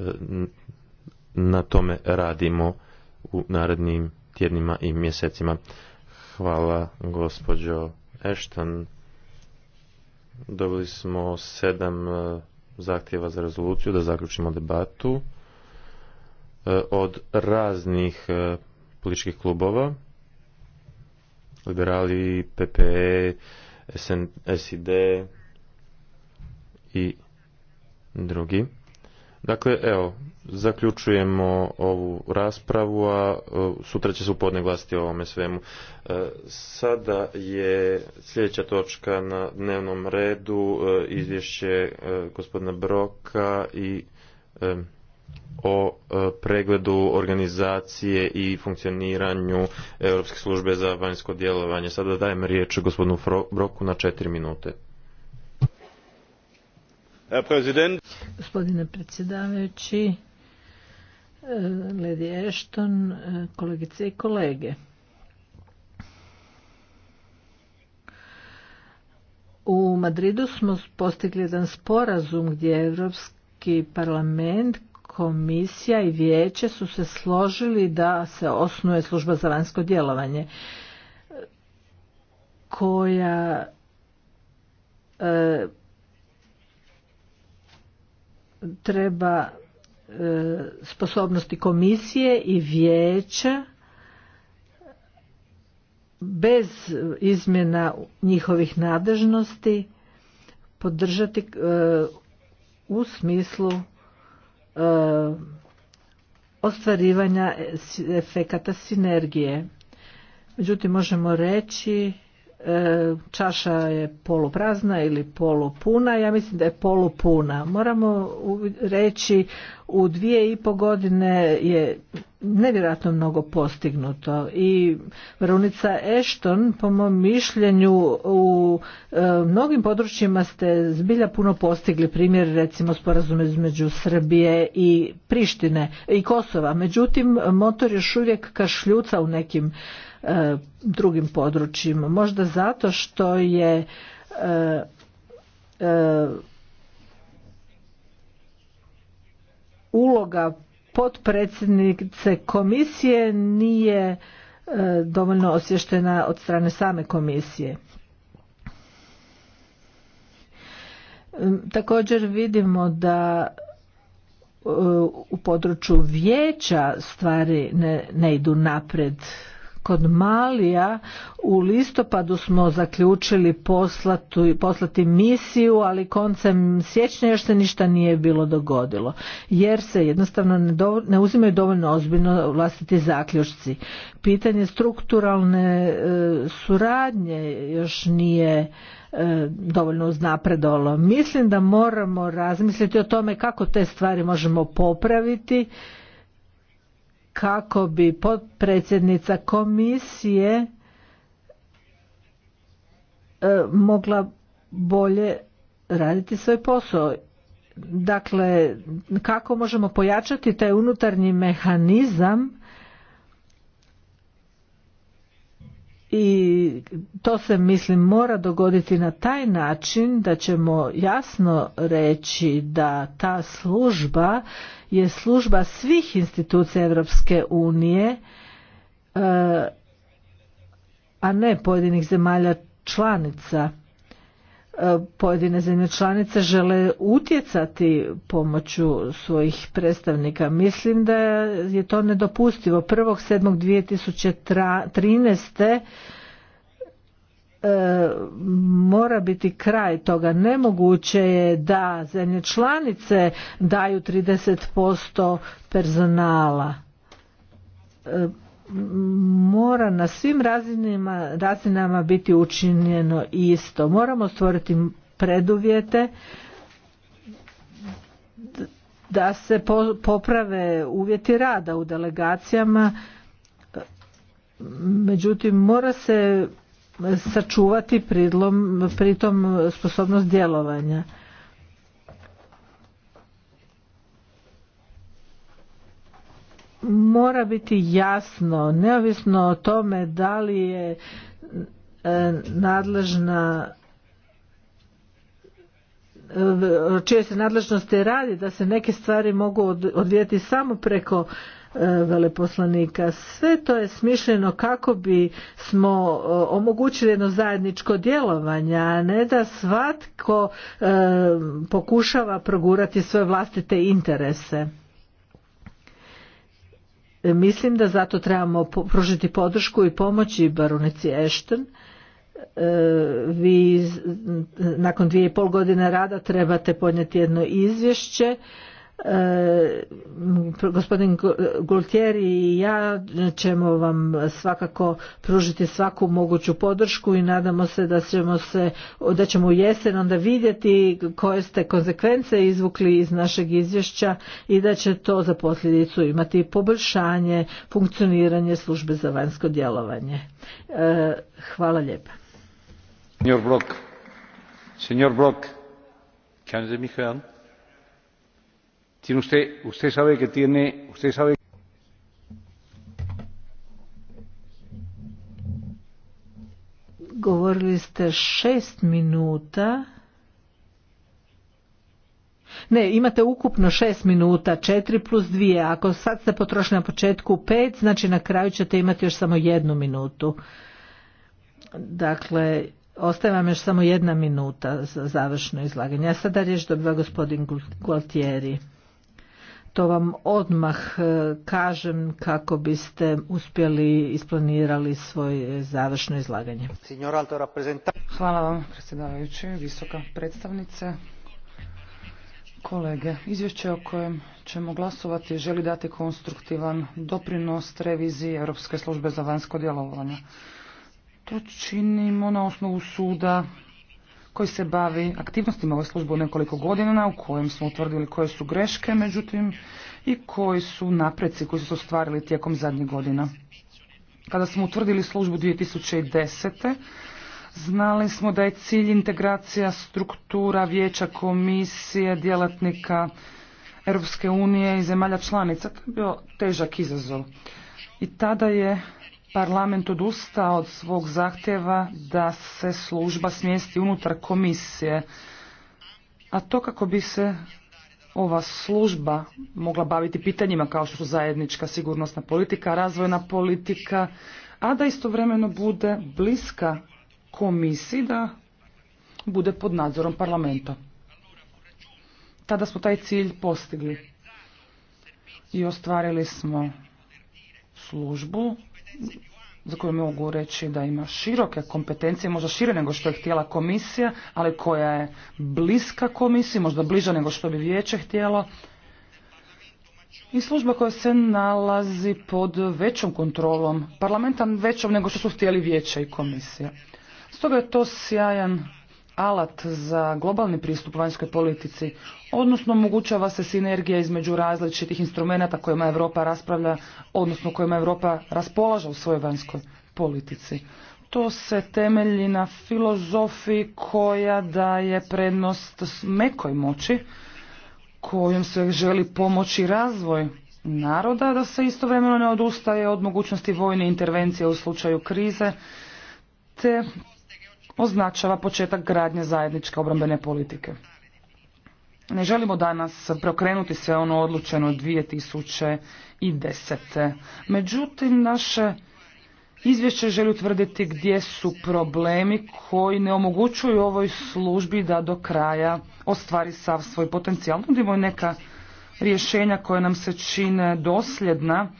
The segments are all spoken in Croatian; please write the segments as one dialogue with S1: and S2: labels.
S1: E, na tome radimo u narednim tjednima i mjesecima. Hvala gospođo Ešton. Dobili smo sedam e, zahtjeva za rezoluciju da zaključimo debatu e, od raznih političkih klubova. Liberali, PPE, SID i drugi. Dakle, evo, zaključujemo ovu raspravu, a e, sutra će se upodne glasiti o ovome svemu. E, sada je sljedeća točka na dnevnom redu, e, izvješće gospodina Broka i o pregledu organizacije i funkcioniranju Europske službe za vanjsko djelovanje. Sada dajem riječ gospodinu Broku na četiri minute. Gospodine predsjedavajući, e, Lady Ashton, e, kolegice i kolege. U Madridu smo postigli jedan sporazum gdje Europski parlament, komisija i vijeće su se složili da se osnuje služba za vanjsko djelovanje koja e, treba e, sposobnosti komisije i vijeća bez izmjena njihovih nadležnosti podržati e, u smislu e, ostvarivanja efekata sinergije. Međutim, možemo reći E, čaša je poluprazna ili polupuna, ja mislim da je polupuna. Moramo reći u dvije i po godine je nevjerojatno mnogo postignuto i vrunica Ešton po mom mišljenju u e, mnogim područjima ste zbilja puno postigli primjer recimo sporazume između Srbije i Prištine i Kosova međutim motor još uvijek kašljuca u nekim E, drugim područjima. Možda zato što je e, e, uloga potpredsjednice komisije nije dovoljno osvještena od strane same komisije. Također vidimo da u području vijeća stvari ne, ne idu napred Kod Malija u listopadu smo zaključili poslatu, poslati misiju, ali koncem siječnja još se ništa nije bilo dogodilo, jer se jednostavno ne, uzimaju dovoljno ozbiljno vlastiti zaključci. Pitanje strukturalne e, suradnje još nije e, dovoljno uznapredovalo. Mislim da moramo razmisliti o tome kako te stvari možemo popraviti kako bi potpredsjednica komisije e, mogla bolje raditi svoj posao. Dakle, kako možemo pojačati taj unutarnji mehanizam i to se mislim mora dogoditi na taj način da ćemo jasno reći da ta služba je služba svih institucija Europske unije e, a ne pojedinih zemalja članica e, pojedine zemlje članice žele utjecati pomoću svojih predstavnika. Mislim da je to nedopustivo. 1.7.2013. E, mora biti kraj toga. Nemoguće je da zemlje članice daju 30% personala. E, mora na svim razinima, razinama biti učinjeno isto. Moramo stvoriti preduvjete da se poprave uvjeti rada u delegacijama. Međutim, mora se sačuvati pridlom, pritom sposobnost djelovanja. Mora biti jasno, neovisno o tome da li je e, nadležna e, čije se nadležnosti radi da se neke stvari mogu odvijeti samo preko E, veleposlanika. Sve to je smišljeno kako bi smo e, omogućili jedno zajedničko djelovanje, a ne da svatko e, pokušava progurati svoje vlastite interese. Mislim da zato trebamo pružiti podršku i pomoći baronici Ashton vi nakon dvije i pol godine rada trebate podnijeti jedno izvješće E, gospodin Gultieri i ja ćemo vam svakako pružiti svaku moguću podršku i nadamo se da ćemo se da ćemo u jesen onda vidjeti koje ste konsekvence izvukli iz našeg izvješća i da će to za posljedicu imati poboljšanje funkcioniranje službe za vanjsko djelovanje. E, hvala lijepa.
S2: Senjor Brok, senjor Brok, Usted,
S1: Govorili ste šest minuta. Ne, imate ukupno šest minuta, četiri plus dvije. Ako sad ste potrošili na početku pet, znači na kraju ćete imati još samo jednu minutu. Dakle, ostaje vam još samo jedna minuta za završno izlaganje. A sada riječ dobiva gospodin Gualtieri to vam odmah e, kažem kako biste uspjeli isplanirali
S3: svoje završno izlaganje. Hvala vam predsjedavajući, visoka predstavnice, kolege. Izvješće o kojem ćemo glasovati želi dati konstruktivan doprinos reviziji Europske službe za vanjsko djelovanje. To činimo na osnovu suda koji se bavi aktivnostima ove službe u nekoliko godina u kojem smo utvrdili koje su greške, međutim, i koji su napreci koji su se ostvarili tijekom zadnjih godina. Kada smo utvrdili službu 2010. Znali smo da je cilj integracija struktura vijeća komisije djelatnika Europske unije i zemalja članica. To je bio težak izazov. I tada je parlament odustao od svog zahtjeva da se služba smjesti unutar komisije, a to kako bi se ova služba mogla baviti pitanjima kao što su zajednička sigurnosna politika, razvojna politika, a da istovremeno bude bliska komisiji da bude pod nadzorom parlamenta. Tada smo taj cilj postigli i ostvarili smo službu za koju mogu reći da ima široke kompetencije, možda šire nego što je htjela komisija, ali koja je bliska komisiji, možda bliža nego što bi vijeće htjelo. I služba koja se nalazi pod većom kontrolom parlamenta, većom nego što su htjeli vijeće i komisija. Stoga je to sjajan alat za globalni pristup vanjskoj politici, odnosno omogućava se sinergija između različitih instrumenata kojima Europa raspravlja, odnosno kojima Europa raspolaže u svojoj vanjskoj politici. To se temelji na filozofiji koja daje prednost mekoj moći, kojom se želi pomoći razvoj naroda, da se istovremeno ne odustaje od mogućnosti vojne intervencije u slučaju krize, te označava početak gradnje zajedničke obrambene politike. Ne želimo danas preokrenuti sve ono odlučeno 2010. Međutim, naše izvješće želi utvrditi gdje su problemi koji ne omogućuju ovoj službi da do kraja ostvari sav svoj potencijal. Nudimo neka rješenja koja nam se čine dosljedna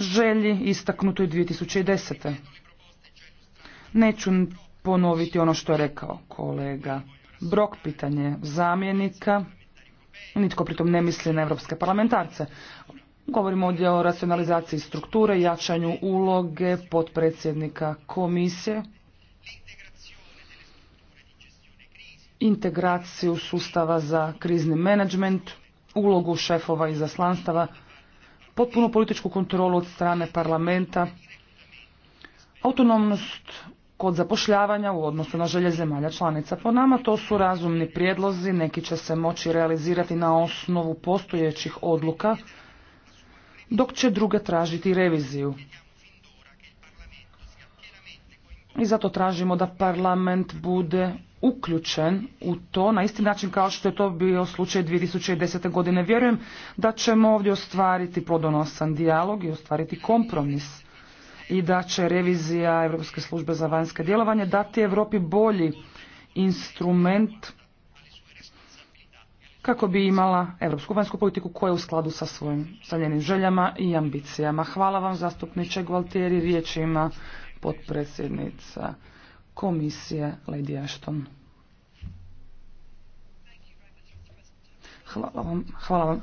S3: želji istaknutoj 2010. Neću ponoviti ono što je rekao kolega Brok, pitanje zamjenika. Nitko pritom ne misli na evropske parlamentarce. Govorimo ovdje o racionalizaciji strukture, jačanju uloge potpredsjednika komisije, integraciju sustava za krizni menadžment, ulogu šefova i zaslanstava, potpunu političku kontrolu od strane parlamenta, autonomnost kod zapošljavanja u odnosu na želje zemalja članica. Po nama to su razumni prijedlozi, neki će se moći realizirati na osnovu postojećih odluka, dok će druge tražiti reviziju. I zato tražimo da parlament bude uključen u to na isti način kao što je to bio slučaj 2010. godine. Vjerujem da ćemo ovdje ostvariti prodonosan dijalog i ostvariti kompromis i da će revizija Europske službe za vanjske djelovanje dati Europi bolji instrument kako bi imala europsku vanjsku politiku koja je u skladu sa svojim sa željama i ambicijama. Hvala vam zastupniče Gualtieri, riječ ima potpredsjednica komisije Lady Ashton. Hvala vam, hvala vam.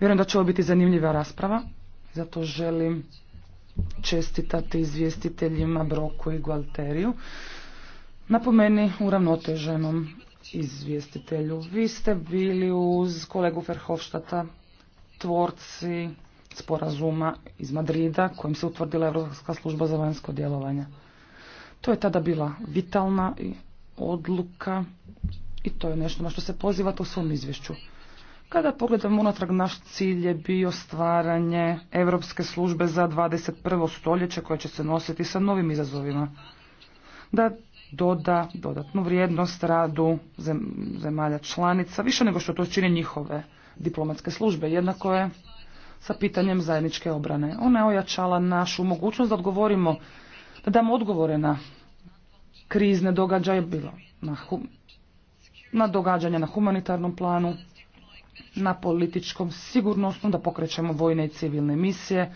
S3: Vjerujem da će ovo biti zanimljiva rasprava. Zato želim čestitati izvjestiteljima Broku i Gualteriju. Napomeni uravnoteženom izvjestitelju. Vi ste bili uz kolegu Ferhofštata tvorci sporazuma iz Madrida kojim se utvrdila Europska služba za vanjsko djelovanje. To je tada bila vitalna odluka i to je nešto na što se pozivate u svom izvješću. Kada pogledamo unatrag, naš cilj je bio stvaranje Europske službe za 21. stoljeće koja će se nositi sa novim izazovima. Da doda dodatnu vrijednost radu zemalja članica, više nego što to čine njihove diplomatske službe. Jednako je sa pitanjem zajedničke obrane. Ona je ojačala našu mogućnost da odgovorimo, da damo odgovore na krizne događaje, bilo na, na događanja na humanitarnom planu, na političkom sigurnosnom, da pokrećemo vojne i civilne misije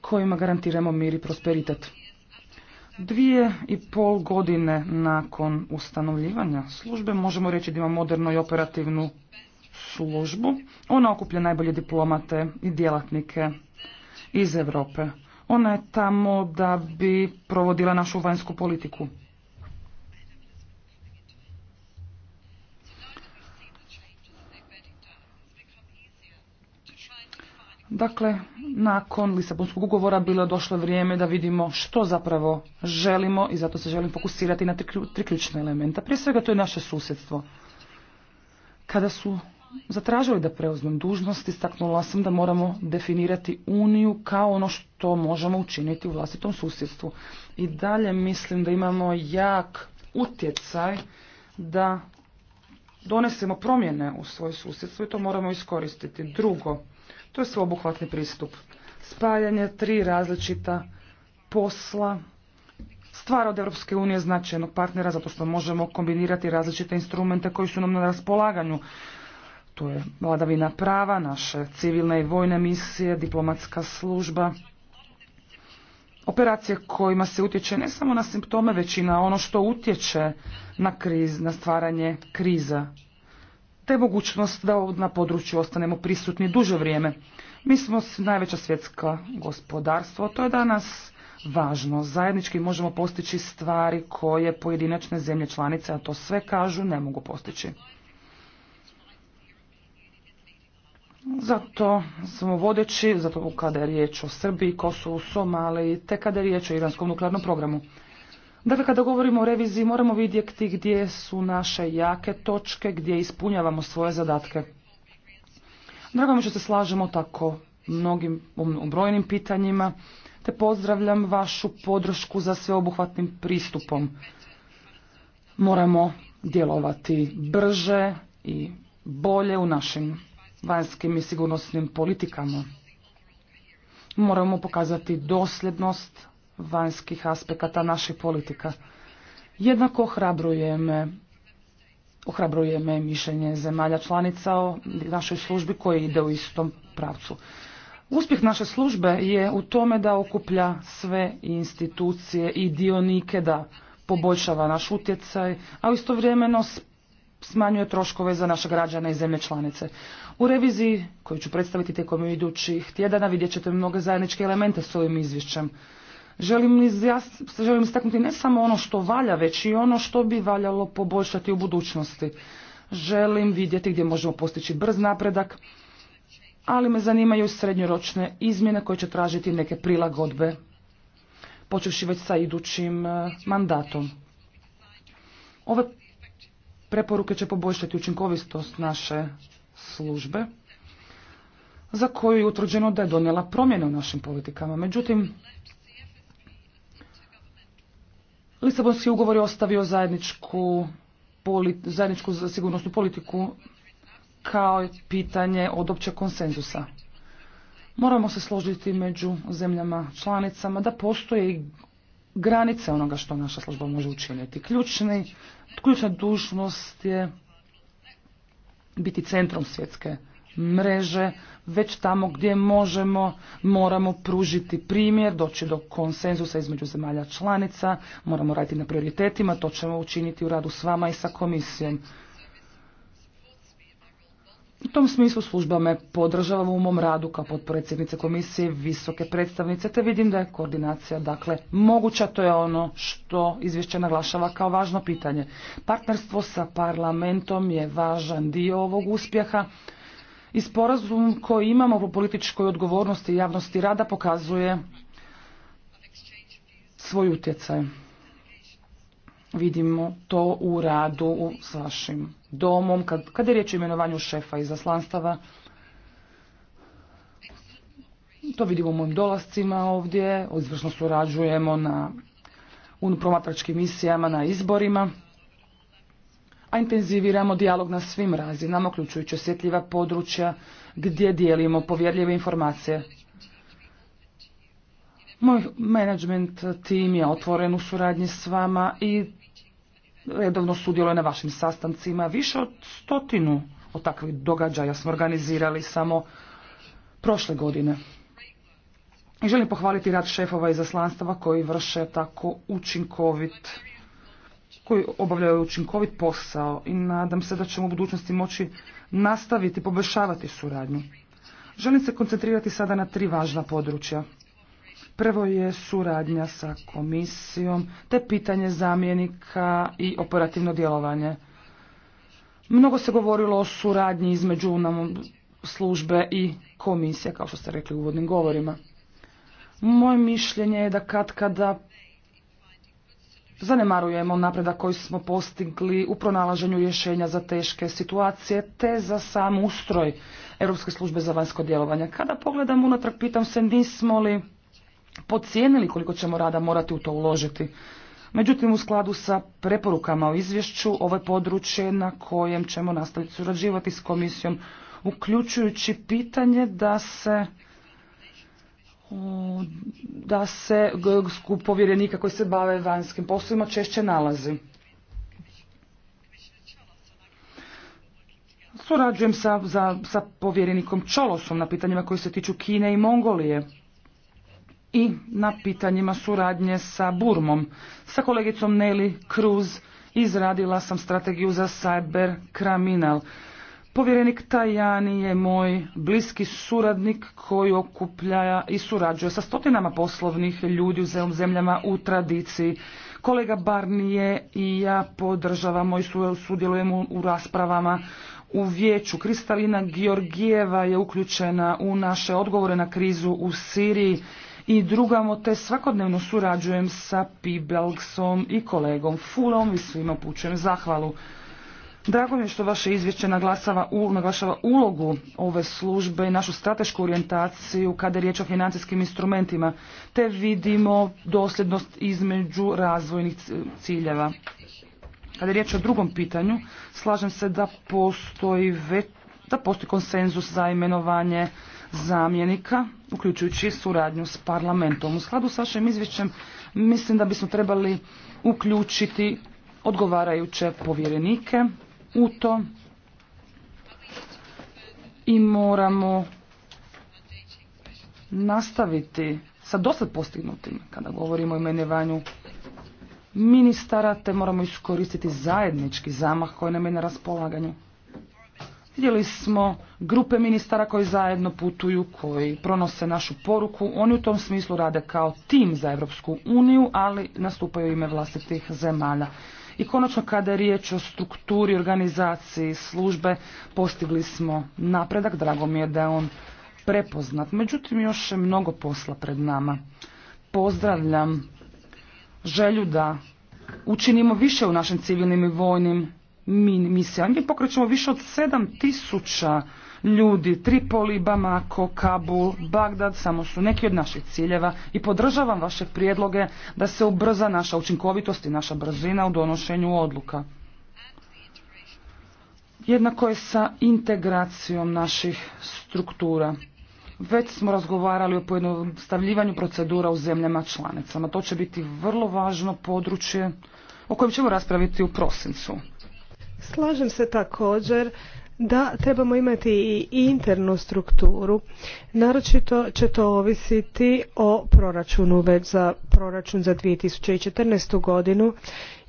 S3: kojima garantiramo mir i prosperitet. Dvije i pol godine nakon ustanovljivanja službe možemo reći da ima modernu i operativnu službu. Ona okuplja najbolje diplomate i djelatnike iz Europe. Ona je tamo da bi provodila našu vanjsku politiku. Dakle, nakon Lisabonskog ugovora bilo je došlo vrijeme da vidimo što zapravo želimo i zato se želim fokusirati na tri ključne elementa. Prije svega to je naše susjedstvo. Kada su zatražili da preuzmem dužnost, istaknula sam da moramo definirati Uniju kao ono što možemo učiniti u vlastitom susjedstvu. I dalje mislim da imamo jak utjecaj da donesemo promjene u svoje susjedstvo i to moramo iskoristiti. Drugo, to je sveobuhvatni pristup. Spajanje tri različita posla, stvar od Europske unije značajnog partnera zato što možemo kombinirati različite instrumente koji su nam na raspolaganju. To je vladavina prava, naše civilne i vojne misije, diplomatska služba, operacije kojima se utječe ne samo na simptome, već i na ono što utječe na, kriz, na stvaranje kriza te mogućnost da na području ostanemo prisutni duže vrijeme. Mi smo najveća svjetska gospodarstvo, to je danas važno. Zajednički možemo postići stvari koje pojedinačne zemlje članice, a to sve kažu, ne mogu postići. Zato smo vodeći, zato kada je riječ o Srbiji, Kosovu, Somali te kada je riječ o iranskom nuklearnom programu. Dakle, kada govorimo o reviziji, moramo vidjeti gdje su naše jake točke, gdje ispunjavamo svoje zadatke. Drago mi što se slažemo tako mnogim brojnim pitanjima, te pozdravljam vašu podršku za sveobuhvatnim pristupom. Moramo djelovati brže i bolje u našim vanjskim i sigurnosnim politikama. Moramo pokazati dosljednost, vanjskih aspekata naših politika. Jednako ohrabruje me, ohrabruje me mišljenje zemalja članica o našoj službi koji ide u istom pravcu. Uspjeh naše službe je u tome da okuplja sve institucije i dionike da poboljšava naš utjecaj, a istovremeno smanjuje troškove za naše građane i zemlje članice. U reviziji koju ću predstaviti tijekom idućih tjedana vidjet ćete mnoge zajedničke elemente s ovim izvješćem želim, želim istaknuti ne samo ono što valja, već i ono što bi valjalo poboljšati u budućnosti. Želim vidjeti gdje možemo postići brz napredak, ali me zanimaju srednjoročne izmjene koje će tražiti neke prilagodbe, počevši već sa idućim e, mandatom. Ove preporuke će poboljšati učinkovitost naše službe, za koju je utvrđeno da je donijela promjene u našim politikama. Međutim, Lisabonski ugovor je ostavio zajedničku, politi zajedničku sigurnosnu politiku kao pitanje od općeg konsenzusa. Moramo se složiti među zemljama članicama da postoje granice onoga što naša služba može učiniti. Ključni, ključna dužnost je biti centrom svjetske mreže, već tamo gdje možemo, moramo pružiti primjer, doći do konsenzusa između zemalja članica, moramo raditi na prioritetima, to ćemo učiniti u radu s vama i sa komisijom. U tom smislu služba me podržava u mom radu kao potpredsjednice komisije visoke predstavnice, te vidim da je koordinacija dakle moguća, to je ono što izvješće naglašava kao važno pitanje. Partnerstvo sa parlamentom je važan dio ovog uspjeha i sporazum koji imamo po političkoj odgovornosti i javnosti rada pokazuje svoj utjecaj. Vidimo to u radu s vašim domom, kad, kad je riječ o imenovanju šefa zaslanstava. To vidimo u mojim dolascima ovdje, izvršno surađujemo na u promatračkim misijama, na izborima a intenziviramo dijalog na svim razinama, uključujući osjetljiva područja gdje dijelimo povjerljive informacije. Moj management tim je otvoren u suradnji s vama i redovno sudjeluje na vašim sastancima. Više od stotinu od takvih događaja smo organizirali samo prošle godine. želim pohvaliti rad šefova i zaslanstava koji vrše tako učinkovit koji obavljaju učinkovit posao i nadam se da ćemo u budućnosti moći nastaviti poboljšavati suradnju. Želim se koncentrirati sada na tri važna područja. Prvo je suradnja sa komisijom, te pitanje zamjenika i operativno djelovanje. Mnogo se govorilo o suradnji između nam službe i komisije, kao što ste rekli u uvodnim govorima. Moje mišljenje je da kad kada zanemarujemo napredak koji smo postigli u pronalaženju rješenja za teške situacije te za sam ustroj Europske službe za vanjsko djelovanje. Kada pogledam unatrag, pitam se nismo li podcijenili koliko ćemo rada morati u to uložiti. Međutim, u skladu sa preporukama o izvješću, ovo je područje na kojem ćemo nastaviti surađivati s komisijom, uključujući pitanje da se da se skup povjerenika koji se bave vanjskim poslovima češće nalazi. Surađujem sa, sa povjerenikom Čolosom na pitanjima koji se tiču Kine i Mongolije i na pitanjima suradnje sa Burmom. Sa kolegicom Nelly Cruz izradila sam strategiju za cyber kriminal. Povjerenik Tajani je moj bliski suradnik koji okuplja i surađuje sa stotinama poslovnih ljudi u zemljama u tradiciji. Kolega Barnije i ja podržavamo i sudjelujemo u raspravama u vijeću. Kristalina Georgijeva je uključena u naše odgovore na krizu u Siriji i drugamo te svakodnevno surađujem sa Pibelgsom i kolegom Fulom i svima pućujem zahvalu. Drago mi je što vaše izvješće naglašava ulogu ove službe i našu stratešku orijentaciju kada je riječ o financijskim instrumentima, te vidimo dosljednost između razvojnih ciljeva. Kada je riječ o drugom pitanju, slažem se da postoji, da postoji konsenzus za imenovanje zamjenika, uključujući suradnju s parlamentom. U skladu s vašim izvješćem mislim da bismo trebali uključiti odgovarajuće povjerenike, u to i moramo nastaviti sa dosad postignutim kada govorimo o imenovanju ministara te moramo iskoristiti zajednički zamah koji nam je na raspolaganju. Vidjeli smo grupe ministara koji zajedno putuju, koji pronose našu poruku. Oni u tom smislu rade kao tim za Europsku uniju, ali nastupaju ime vlastitih zemalja. I konačno kada je riječ o strukturi organizaciji službe postigli smo napredak, drago mi je da je on prepoznat. Međutim, još je mnogo posla pred nama. Pozdravljam želju da učinimo više u našim civilnim i vojnim misijama. Mi pokrećemo više od 7000 ljudi. Tripoli, Bamako, Kabul, Bagdad samo su neki od naših ciljeva i podržavam vaše prijedloge da se ubrza naša učinkovitost i naša brzina u donošenju odluka. Jednako je sa integracijom naših struktura. Već smo razgovarali o pojednostavljivanju procedura u zemljama članicama. To će biti vrlo važno područje o kojem ćemo raspraviti u prosincu.
S4: Slažem se također da trebamo imati i internu strukturu. Naročito će to ovisiti o proračunu već za proračun za 2014. godinu.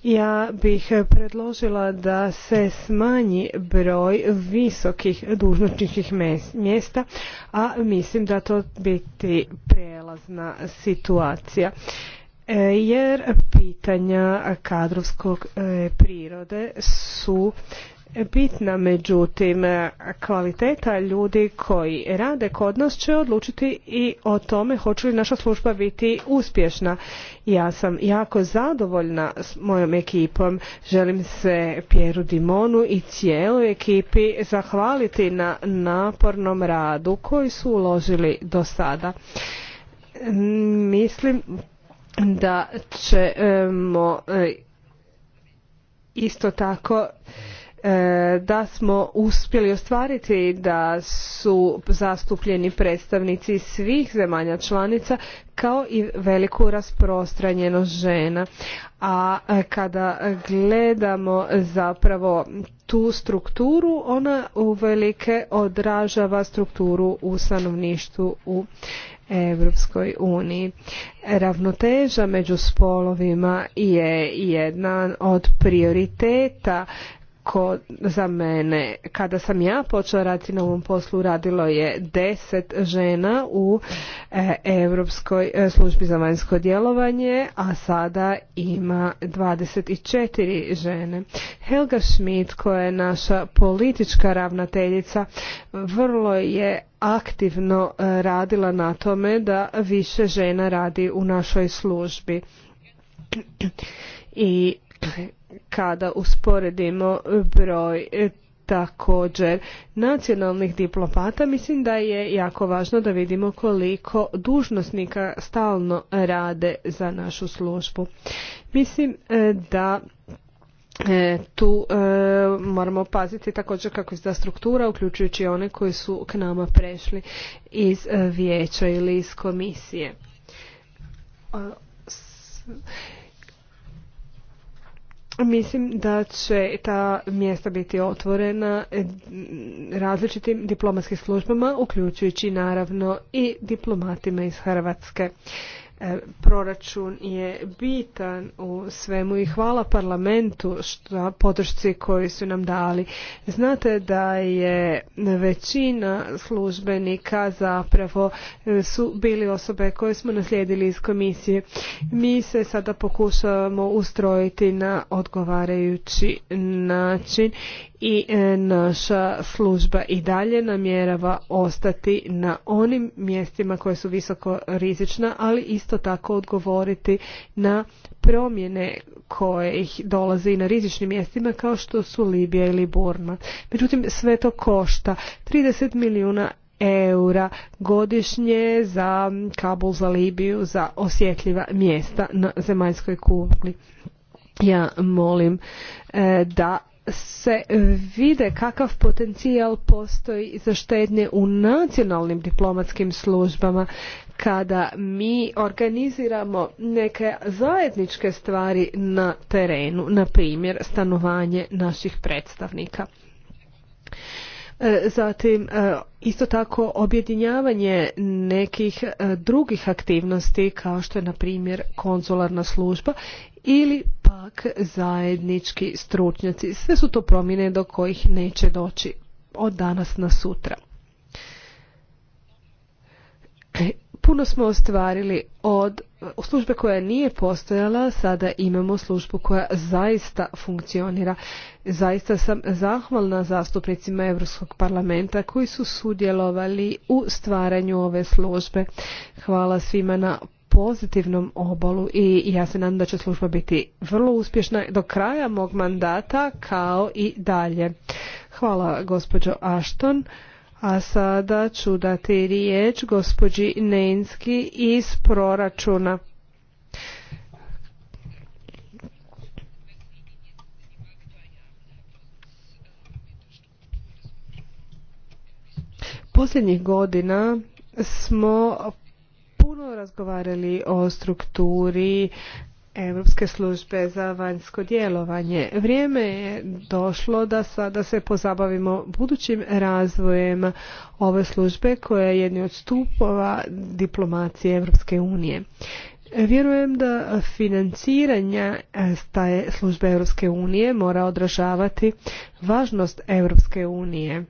S4: Ja bih predložila da se smanji broj visokih dužnosničkih mjesta, a mislim da to biti prelazna situacija e, jer pitanja kadrovskog e, prirode su bitna, međutim kvaliteta ljudi koji rade kod nas će odlučiti i o tome hoće li naša služba biti uspješna. Ja sam jako zadovoljna s mojom ekipom, želim se Pjeru Dimonu i cijeloj ekipi zahvaliti na napornom radu koji su uložili do sada. Mislim da ćemo e, isto tako E, da smo uspjeli ostvariti da su zastupljeni predstavnici svih zemalja članica kao i veliku rasprostranjenost žena. A e, kada gledamo zapravo tu strukturu, ona uvelike odražava strukturu u stanovništvu u Europskoj uniji. Ravnoteža među spolovima je jedna od prioriteta ko za mene. Kada sam ja počela raditi na ovom poslu, radilo je deset žena u e, Europskoj e, službi za vanjsko djelovanje, a sada ima 24 žene. Helga Schmidt, koja je naša politička ravnateljica, vrlo je aktivno e, radila na tome da više žena radi u našoj službi i kada usporedimo broj e, također nacionalnih diplomata, mislim da je jako važno da vidimo koliko dužnosnika stalno rade za našu službu. Mislim e, da e, tu moramo paziti također kako je struktura, uključujući one koji su k nama prešli iz vijeća ili iz komisije Mislim da će ta mjesta biti otvorena e, različitim diplomatskim službama, uključujući naravno i diplomatima iz Hrvatske. E, proračun je bitan u svemu i hvala parlamentu na podršci koju su nam dali. Znate da je većina službenika zapravo e, su bili osobe koje smo naslijedili iz komisije. Mi se sada pokušavamo ustrojiti na odgovarajući način i e, naša služba i dalje namjerava ostati na onim mjestima koje su visoko rizična, ali isto isto tako odgovoriti na promjene koje ih dolaze i na rizičnim mjestima kao što su Libija ili Burma. Međutim, sve to košta. 30 milijuna eura godišnje za Kabul, za Libiju, za osjetljiva mjesta na zemaljskoj kugli. Ja molim e, da se vide kakav potencijal postoji za štednje u nacionalnim diplomatskim službama kada mi organiziramo neke zajedničke stvari na terenu, na primjer stanovanje naših predstavnika. E, zatim, e, isto tako objedinjavanje nekih e, drugih aktivnosti kao što je na primjer konzularna služba ili pak zajednički stručnjaci. Sve su to promjene do kojih neće doći od danas na sutra. puno smo ostvarili od e, službe koja nije postojala, sada imamo službu koja zaista funkcionira. Zaista sam zahvalna zastupnicima Europskog parlamenta koji su sudjelovali u stvaranju ove službe. Hvala svima na pozitivnom obolu i ja se nadam da će služba biti vrlo uspješna do kraja mog mandata kao i dalje. Hvala gospođo Ashton. A sada ću dati riječ gospođi Neinski iz proračuna. Posljednjih godina smo puno razgovarali o strukturi Europske službe za vanjsko djelovanje. Vrijeme je došlo da sada se pozabavimo budućim razvojem ove službe koja je jedni od stupova diplomacije Europske unije. Vjerujem da financiranja staje službe Europske unije mora odražavati važnost Europske unije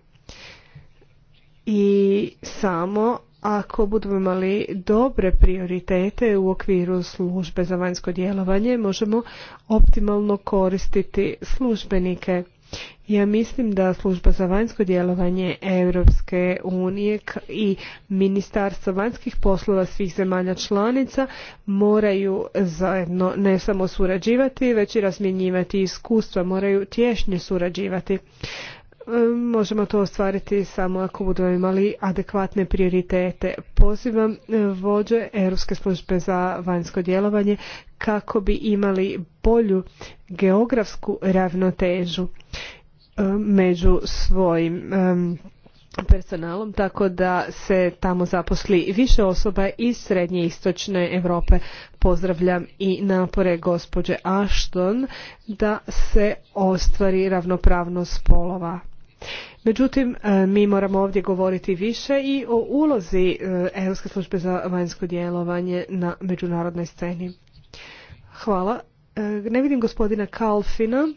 S4: i samo ako budemo imali dobre prioritete u okviru službe za vanjsko djelovanje, možemo optimalno koristiti službenike. Ja mislim da služba za vanjsko djelovanje Europske unije i ministarstva vanjskih poslova svih zemalja članica moraju zajedno ne samo surađivati, već i razmjenjivati iskustva, moraju tješnje surađivati možemo to ostvariti samo ako budemo imali adekvatne prioritete. Pozivam e, vođe Europske službe za vanjsko djelovanje kako bi imali bolju geografsku ravnotežu e, među svojim e, personalom tako da se tamo zaposli više osoba iz srednje i istočne Europe. Pozdravljam i napore gospođe Ashton da se ostvari ravnopravnost spolova. Međutim, e, mi moramo ovdje govoriti više i o ulozi e, Europske službe za vanjsko djelovanje na međunarodnoj sceni. Hvala. E, ne vidim gospodina Kalfina.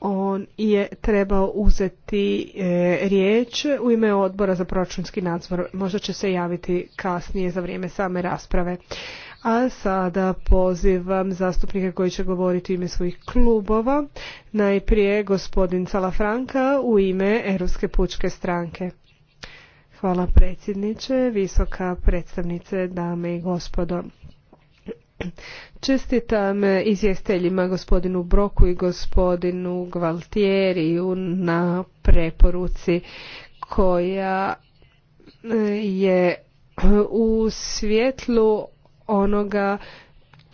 S4: On je trebao uzeti riječ u ime odbora za proračunski nadzor. Možda će se javiti kasnije za vrijeme same rasprave. A sada pozivam zastupnike koji će govoriti u ime svojih klubova. Najprije gospodin Salafranka u ime Europske pučke stranke. Hvala predsjedniče, visoka predstavnice, dame i gospodo. Čestitam izjesteljima gospodinu Broku i gospodinu Gvaltieriju na preporuci koja je u svjetlu onoga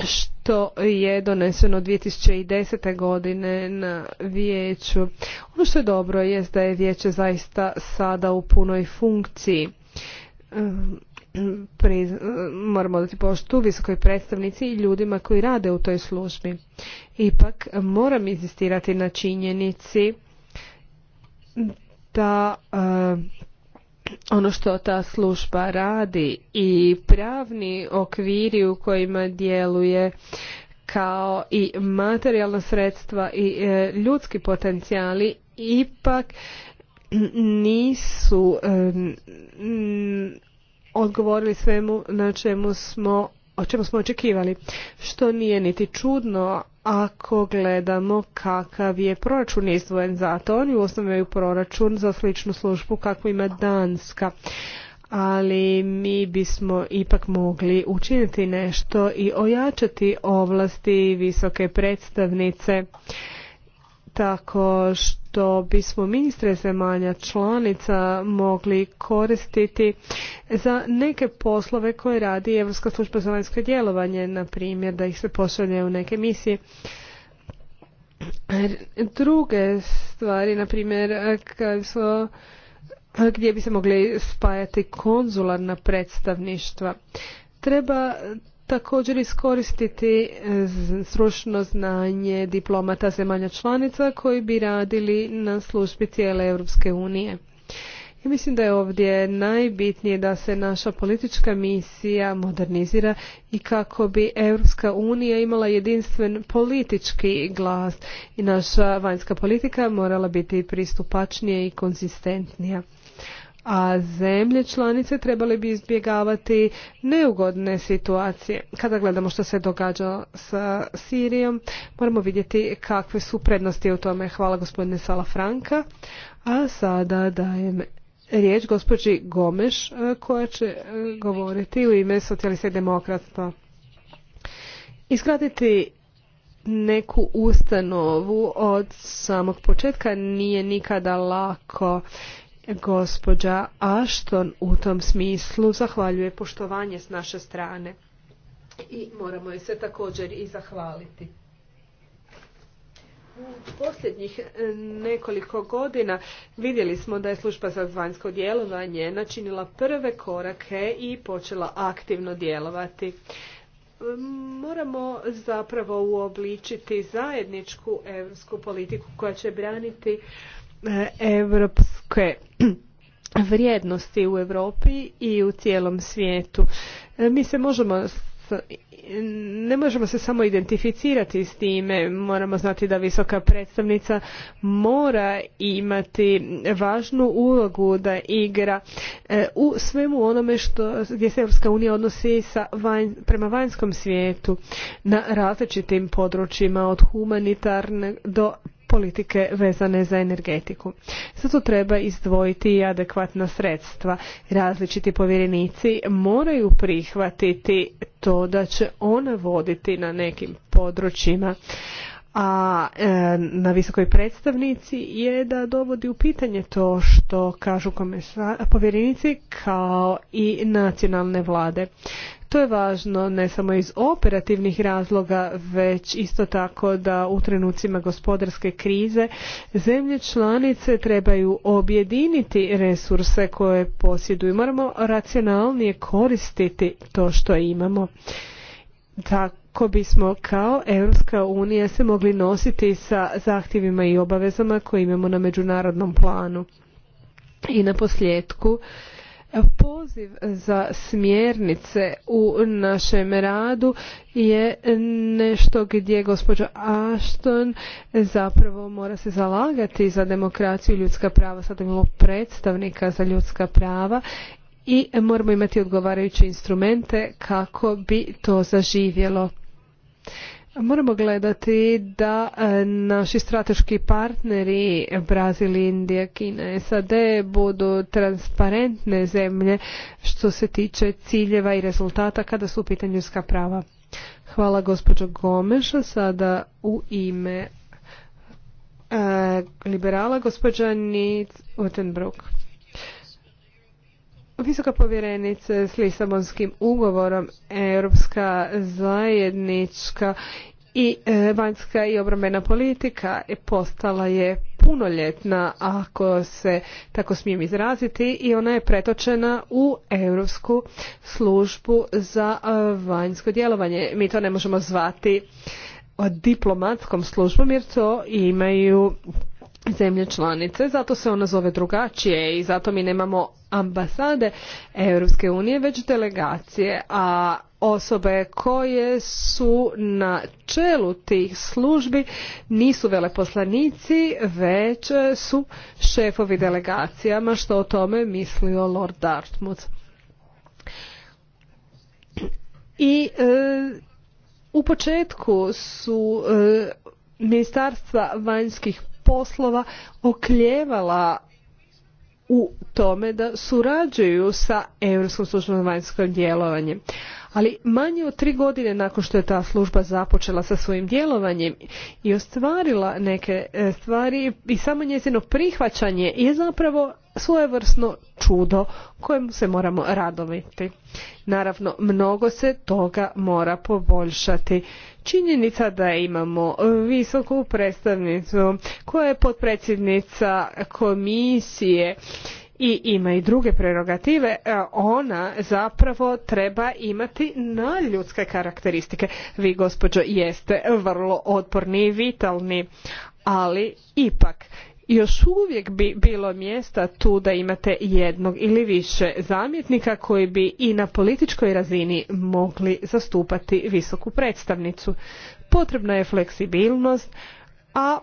S4: što je doneseno 2010. godine na vijeću. Ono što je dobro je da je vijeće zaista sada u punoj funkciji. Ehm, pri, moramo ti poštu visokoj predstavnici i ljudima koji rade u toj službi. Ipak moram inzistirati na činjenici da ehm, ono što ta služba radi i pravni okviri u kojima djeluje kao i materijalna sredstva i e, ljudski potencijali ipak nisu e, odgovorili svemu na čemu smo o čemu smo očekivali, što nije niti čudno ako gledamo kakav je proračun izdvojen za to. Oni u proračun za sličnu službu kakvu ima Danska ali mi bismo ipak mogli učiniti nešto i ojačati ovlasti visoke predstavnice tako što bismo ministre zemalja članica mogli koristiti za neke poslove koje radi Europska služba za vanjsko djelovanje, na primjer da ih se pošalje u neke misije. Druge stvari, na primjer, gdje bi se mogli spajati konzularna predstavništva. Treba također iskoristiti e, stručno znanje diplomata zemalja članica koji bi radili na službi cijele Europske unije. I mislim da je ovdje najbitnije da se naša politička misija modernizira i kako bi Europska unija imala jedinstven politički glas i naša vanjska politika morala biti pristupačnija i konzistentnija a zemlje članice trebale bi izbjegavati neugodne situacije. Kada gledamo što se događa sa Sirijom, moramo vidjeti kakve su prednosti u tome. Hvala gospodine Sala Franka. A sada dajem riječ gospođi Gomeš e, koja će e, govoriti u ime socijalista i demokrata. Iskratiti neku ustanovu od samog početka nije nikada lako Gospođa Ashton u tom smislu zahvaljuje poštovanje s naše strane i moramo joj se također i zahvaliti. U posljednjih e, nekoliko godina vidjeli smo da je služba za vanjsko djelovanje načinila prve korake i počela aktivno djelovati. E, moramo zapravo uobličiti zajedničku europsku politiku koja će braniti europske vrijednosti u Europi i u cijelom svijetu. E, mi se možemo ne možemo se samo identificirati s time, moramo znati da visoka predstavnica mora imati važnu ulogu da igra e, u svemu onome gdje se Europska unija odnosi prema vanjskom svijetu na različitim područjima od humanitarne do politike vezane za energetiku. Zato treba izdvojiti i adekvatna sredstva. Različiti povjerenici moraju prihvatiti to da će ona voditi na nekim područjima a e, na visokoj predstavnici je da dovodi u pitanje to što kažu povjerenici kao i nacionalne vlade. To je važno ne samo iz operativnih razloga, već isto tako da u trenucima gospodarske krize zemlje članice trebaju objediniti resurse koje posjeduju. Moramo racionalnije koristiti to što imamo. Tako kako bismo kao Europska unija se mogli nositi sa zahtjevima i obavezama koje imamo na međunarodnom planu. I na poziv za smjernice u našem radu je nešto gdje gospođa Ashton zapravo mora se zalagati za demokraciju i ljudska prava. Sada imamo predstavnika za ljudska prava i moramo imati odgovarajuće instrumente kako bi to zaživjelo. Moramo gledati da e, naši strateški partneri Brazil, Indija, Kina, SAD budu transparentne zemlje što se tiče ciljeva i rezultata kada su u pitanju ljudska prava. Hvala gospođo Gomeša. Sada u ime e, liberala gospođa Nic Utenbrook. Visoka povjerenica s Lisabonskim ugovorom Europska zajednička i e, vanjska i obrambena politika postala je punoljetna, ako se tako smijem izraziti, i ona je pretočena u Europsku službu za e, vanjsko djelovanje. Mi to ne možemo zvati e, diplomatskom službom jer to imaju zemlje članice, zato se ona zove drugačije i zato mi nemamo ambasade Europske unije, već delegacije, a osobe koje su na čelu tih službi nisu veleposlanici, već su šefovi delegacijama, što o tome mislio Lord Dartmouth. I e, u početku su e, ministarstva vanjskih poslova okljevala u tome da surađuju sa Europskom službom za vanjsko djelovanje. Ali manje od tri godine nakon što je ta služba započela sa svojim djelovanjem i ostvarila neke e, stvari i samo njezino prihvaćanje je zapravo svojevrsno čudo kojem se moramo radoviti. Naravno, mnogo se toga mora poboljšati Činjenica da imamo visoku predstavnicu koja je potpredsjednica komisije i ima i druge prerogative, ona zapravo treba imati na ljudske karakteristike. Vi, gospođo, jeste vrlo otporni i vitalni, ali ipak još uvijek bi bilo mjesta tu da imate jednog ili više zamjetnika koji bi i na političkoj razini mogli zastupati visoku predstavnicu. Potrebna je fleksibilnost, a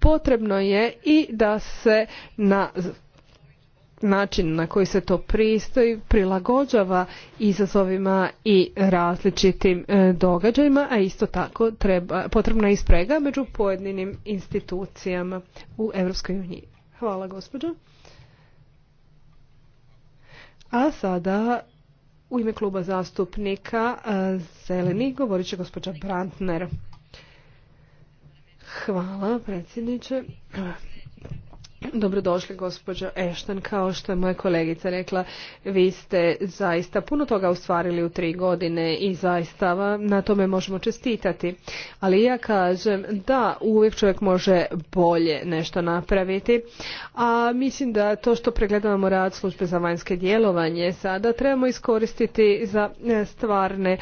S4: potrebno je i da se na način na koji se to pristoji prilagođava izazovima i različitim e, događajima, a isto tako potrebna je isprega među pojedinim institucijama u Europskoj uniji. Hvala gospođo. A sada u ime kluba zastupnika e, Zeleni govorit će gospođa Brantner. Hvala predsjedniče. Dobrodošli gospođo Ešten, kao što je moja kolegica rekla, vi ste zaista puno toga ustvarili u tri godine i zaista na tome možemo čestitati. Ali ja kažem da uvijek čovjek može bolje nešto napraviti, a mislim da to što pregledavamo rad službe za vanjske djelovanje sada trebamo iskoristiti za e, stvarne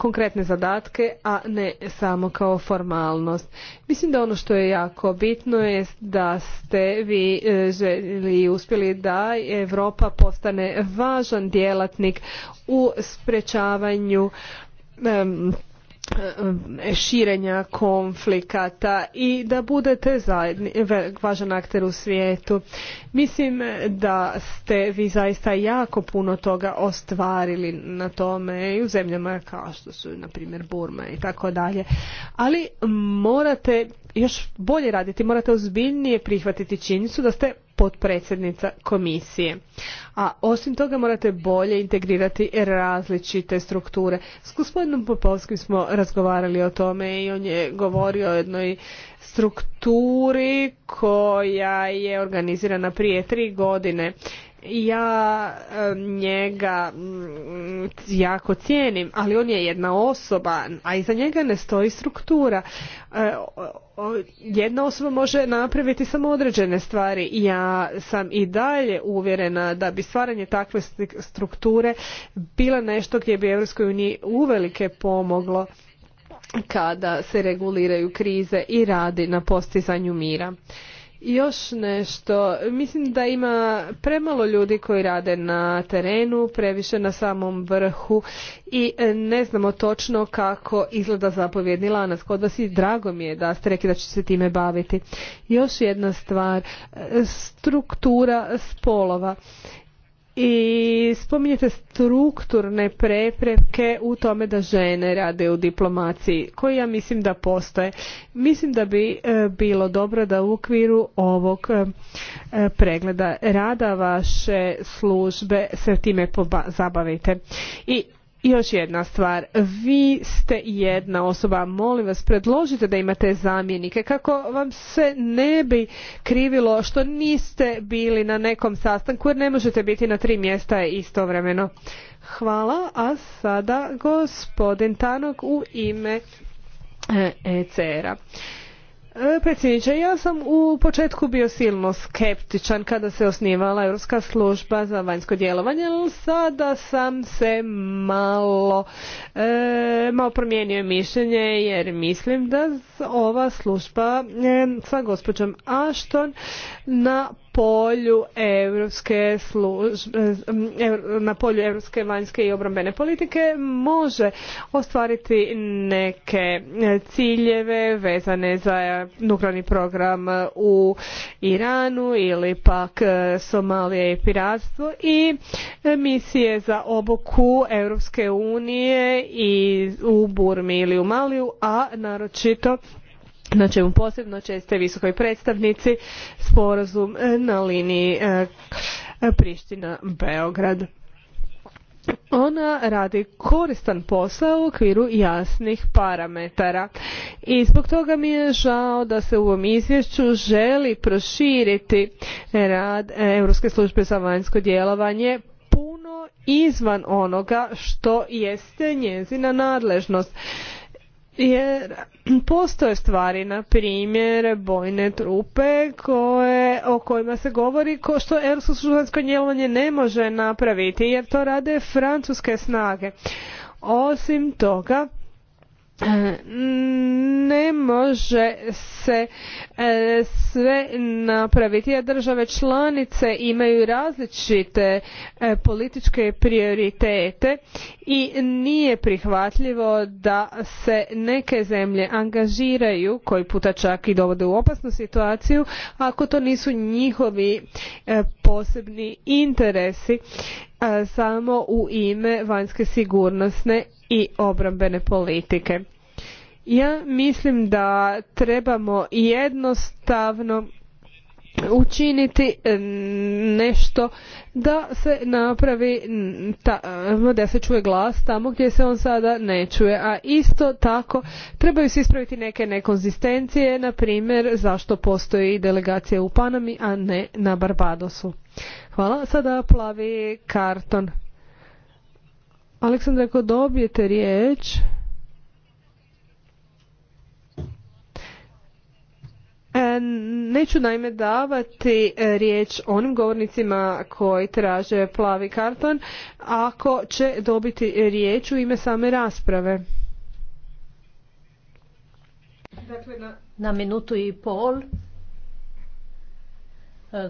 S4: konkretne zadatke, a ne samo kao formalnost. Mislim da ono što je jako bitno je da ste vi e, željeli i uspjeli da Europa postane važan djelatnik u sprečavanju E, širenja konflikata i da budete važan akter u svijetu. Mislim e, da ste vi zaista jako puno toga ostvarili na tome i u zemljama kao što su na primjer Burma i tako dalje. Ali morate još bolje raditi, morate ozbiljnije prihvatiti činjenicu da ste potpredsjednica komisije. A osim toga morate bolje integrirati različite strukture. S gospodinom Popovskim smo razgovarali o tome i on je govorio o jednoj strukturi koja je organizirana prije tri godine ja e, njega mm, jako cijenim, ali on je jedna osoba, a iza njega ne stoji struktura. E, jedna osoba može napraviti samo određene stvari. Ja sam i dalje uvjerena da bi stvaranje takve strukture bila nešto gdje bi EU uvelike pomoglo kada se reguliraju krize i radi na postizanju mira. Još nešto, mislim da ima premalo ljudi koji rade na terenu, previše na samom vrhu i e, ne znamo točno kako izgleda zapovjedni lanac. Kod vas i drago mi je da ste rekli da ćete se time baviti. Još jedna stvar, e, struktura spolova i spominjete strukturne prepreke u tome da žene rade u diplomaciji koje ja mislim da postoje. Mislim da bi e, bilo dobro da u okviru ovog e, e, pregleda rada vaše službe se time zabavite. I još jedna stvar, vi ste jedna osoba, molim vas predložite da imate zamjenike kako vam se ne bi krivilo što niste bili na nekom sastanku jer ne možete biti na tri mjesta istovremeno. Hvala, a sada gospodin Tanog u ime ECR-a. E E, predsjedniče, ja sam u početku bio silno skeptičan kada se osnivala Europska služba za vanjsko djelovanje, ali sada sam se malo, e, malo promijenio mišljenje jer mislim da ova služba e, sa gospođom Ashton na polju europske na polju europske vanjske i obrambene politike može ostvariti neke e, ciljeve vezane za nuklearni program u Iranu ili pak e, Somalije i piratstvo i e, misije za obuku Europske unije i u Burmi ili u Maliju, a naročito na znači, čemu posebno česte visokoj predstavnici sporazum e, na liniji e, Priština Beograd. Ona radi koristan posao u okviru jasnih parametara i zbog toga mi je žao da se u ovom izvješću želi proširiti rad e, Europske službe za vanjsko djelovanje puno izvan onoga što jeste njezina nadležnost jer postoje stvari na primjer bojne trupe koje, o kojima se govori ko što europsko njevanje djelovanje ne može napraviti jer to rade francuske snage osim toga E, ne može se e, sve napraviti jer države članice imaju različite e, političke prioritete i nije prihvatljivo da se neke zemlje angažiraju koji puta čak i dovode u opasnu situaciju ako to nisu njihovi posebni interesi samo u ime vanjske sigurnosne i obrambene politike. Ja mislim da trebamo jednostavno učiniti nešto da se napravi da se čuje glas tamo gdje se on sada ne čuje a isto tako trebaju se ispraviti neke nekonzistencije na primjer zašto postoji delegacija u Panami a ne na Barbadosu hvala sada plavi karton Aleksandra, ako dobijete riječ... E, neću naime davati e, riječ onim govornicima koji traže plavi karton ako će dobiti riječ u ime
S5: same rasprave. Dakle, na... minutu i pol. E,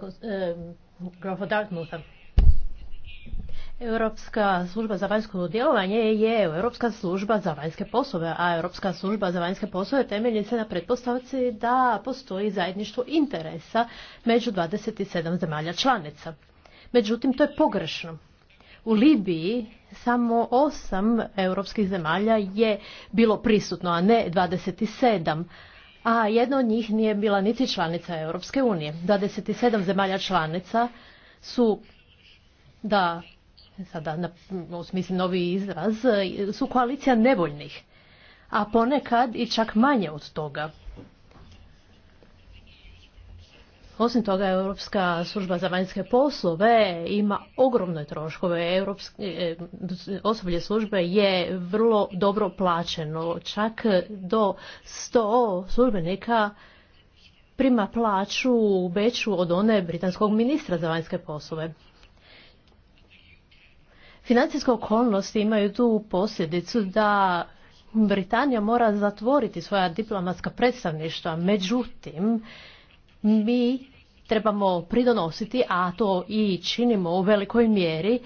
S5: Europska služba za vanjsko djelovanje je Europska služba za vanjske poslove, a Europska služba za vanjske poslove temelji se na pretpostavci da postoji zajedništvo interesa među 27 zemalja članica. Međutim, to je pogrešno. U Libiji samo osam europskih zemalja je bilo prisutno, a ne 27 a jedna od njih nije bila niti članica Europske unije. 27 zemalja članica su da sada u smislu novi izraz, su koalicija nevoljnih, a ponekad i čak manje od toga. Osim toga, Europska služba za vanjske poslove ima ogromne troškove. Europske, osoblje službe je vrlo dobro plaćeno. Čak do 100 službenika prima plaću veću od one britanskog ministra za vanjske poslove. Financijske okolnosti imaju tu posljedicu da Britanija mora zatvoriti svoja diplomatska predstavništva. Međutim, mi trebamo pridonositi, a to i činimo u velikoj mjeri,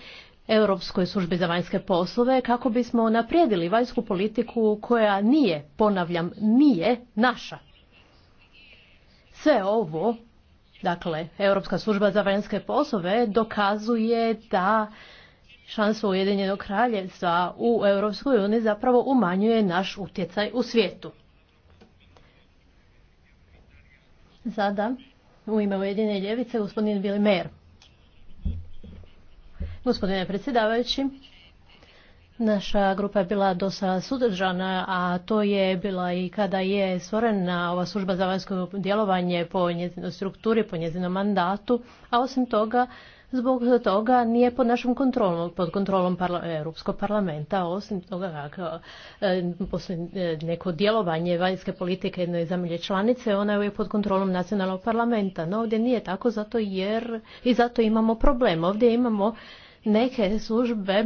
S5: Europskoj službi za vanjske poslove kako bismo naprijedili vanjsku politiku koja nije, ponavljam, nije naša. Sve ovo, dakle, Europska služba za vanjske poslove dokazuje da šansu Ujedinjenog kraljevstva u Europskoj uniji zapravo umanjuje naš utjecaj u svijetu. Sada u ime Ujedinjene ljevice gospodin mer. Gospodine predsjedavajući, naša grupa je bila dosta sudržana, a to je bila i kada je stvorena ova služba za vanjsko djelovanje po njezinoj strukturi, po njezinom mandatu, a osim toga zbog toga nije pod našom kontrolom, pod kontrolom Europskog parlamenta, osim toga kako e, poslije e, neko djelovanje vanjske politike jednoj zemlje članice, ona je pod kontrolom nacionalnog parlamenta. No ovdje nije tako zato jer i zato imamo problem. Ovdje imamo neke službe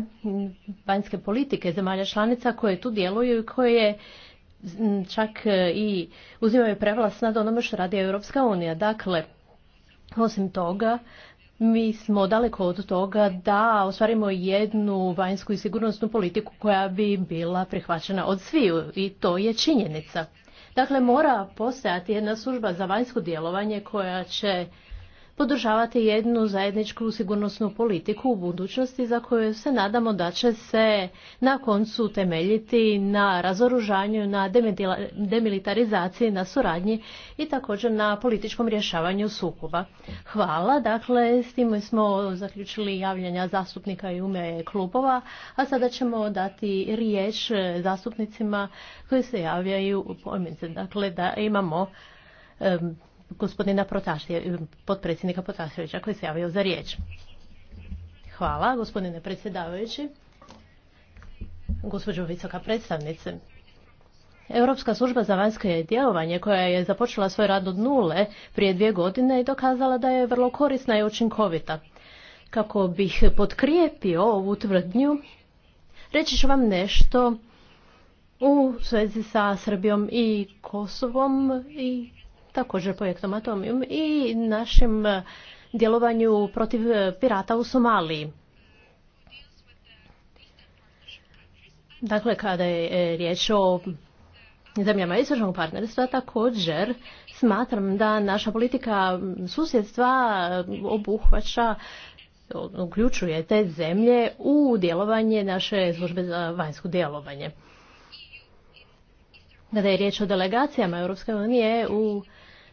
S5: vanjske politike zemalja članica koje tu djeluju i koje čak e, i uzimaju prevlast nad onome što radi Europska unija. Dakle, osim toga, mi smo daleko od toga da ostvarimo jednu vanjsku i sigurnosnu politiku koja bi bila prihvaćena od sviju i to je činjenica. Dakle, mora postojati jedna služba za vanjsko djelovanje koja će podržavati jednu zajedničku sigurnosnu politiku u budućnosti za koju se nadamo da će se na koncu temeljiti na razoružanju, na demilitarizaciji, na suradnji i također na političkom rješavanju sukoba. Hvala. Dakle, s time smo zaključili javljanja zastupnika i ume klubova, a sada ćemo dati riječ zastupnicima koji se javljaju u Dakle, da imamo gospodina eh, potpredsjednika Protaševića koji se javio za riječ. Hvala, gospodine predsjedavajući. Gospođo visoka predstavnice, Europska služba za vanjsko djelovanje koja je započela svoj rad od nule prije dvije godine i dokazala da je vrlo korisna i učinkovita. Kako bih potkrijepio ovu tvrdnju, reći ću vam nešto u svezi sa Srbijom i Kosovom i također projektom Atomium i našem e, djelovanju protiv e, pirata u Somaliji. Dakle, kada je e, riječ o zemljama istočnog partnerstva, također smatram da naša politika susjedstva obuhvaća uključuje te zemlje u djelovanje naše službe za vanjsko djelovanje. Kada je riječ o delegacijama Europske unije u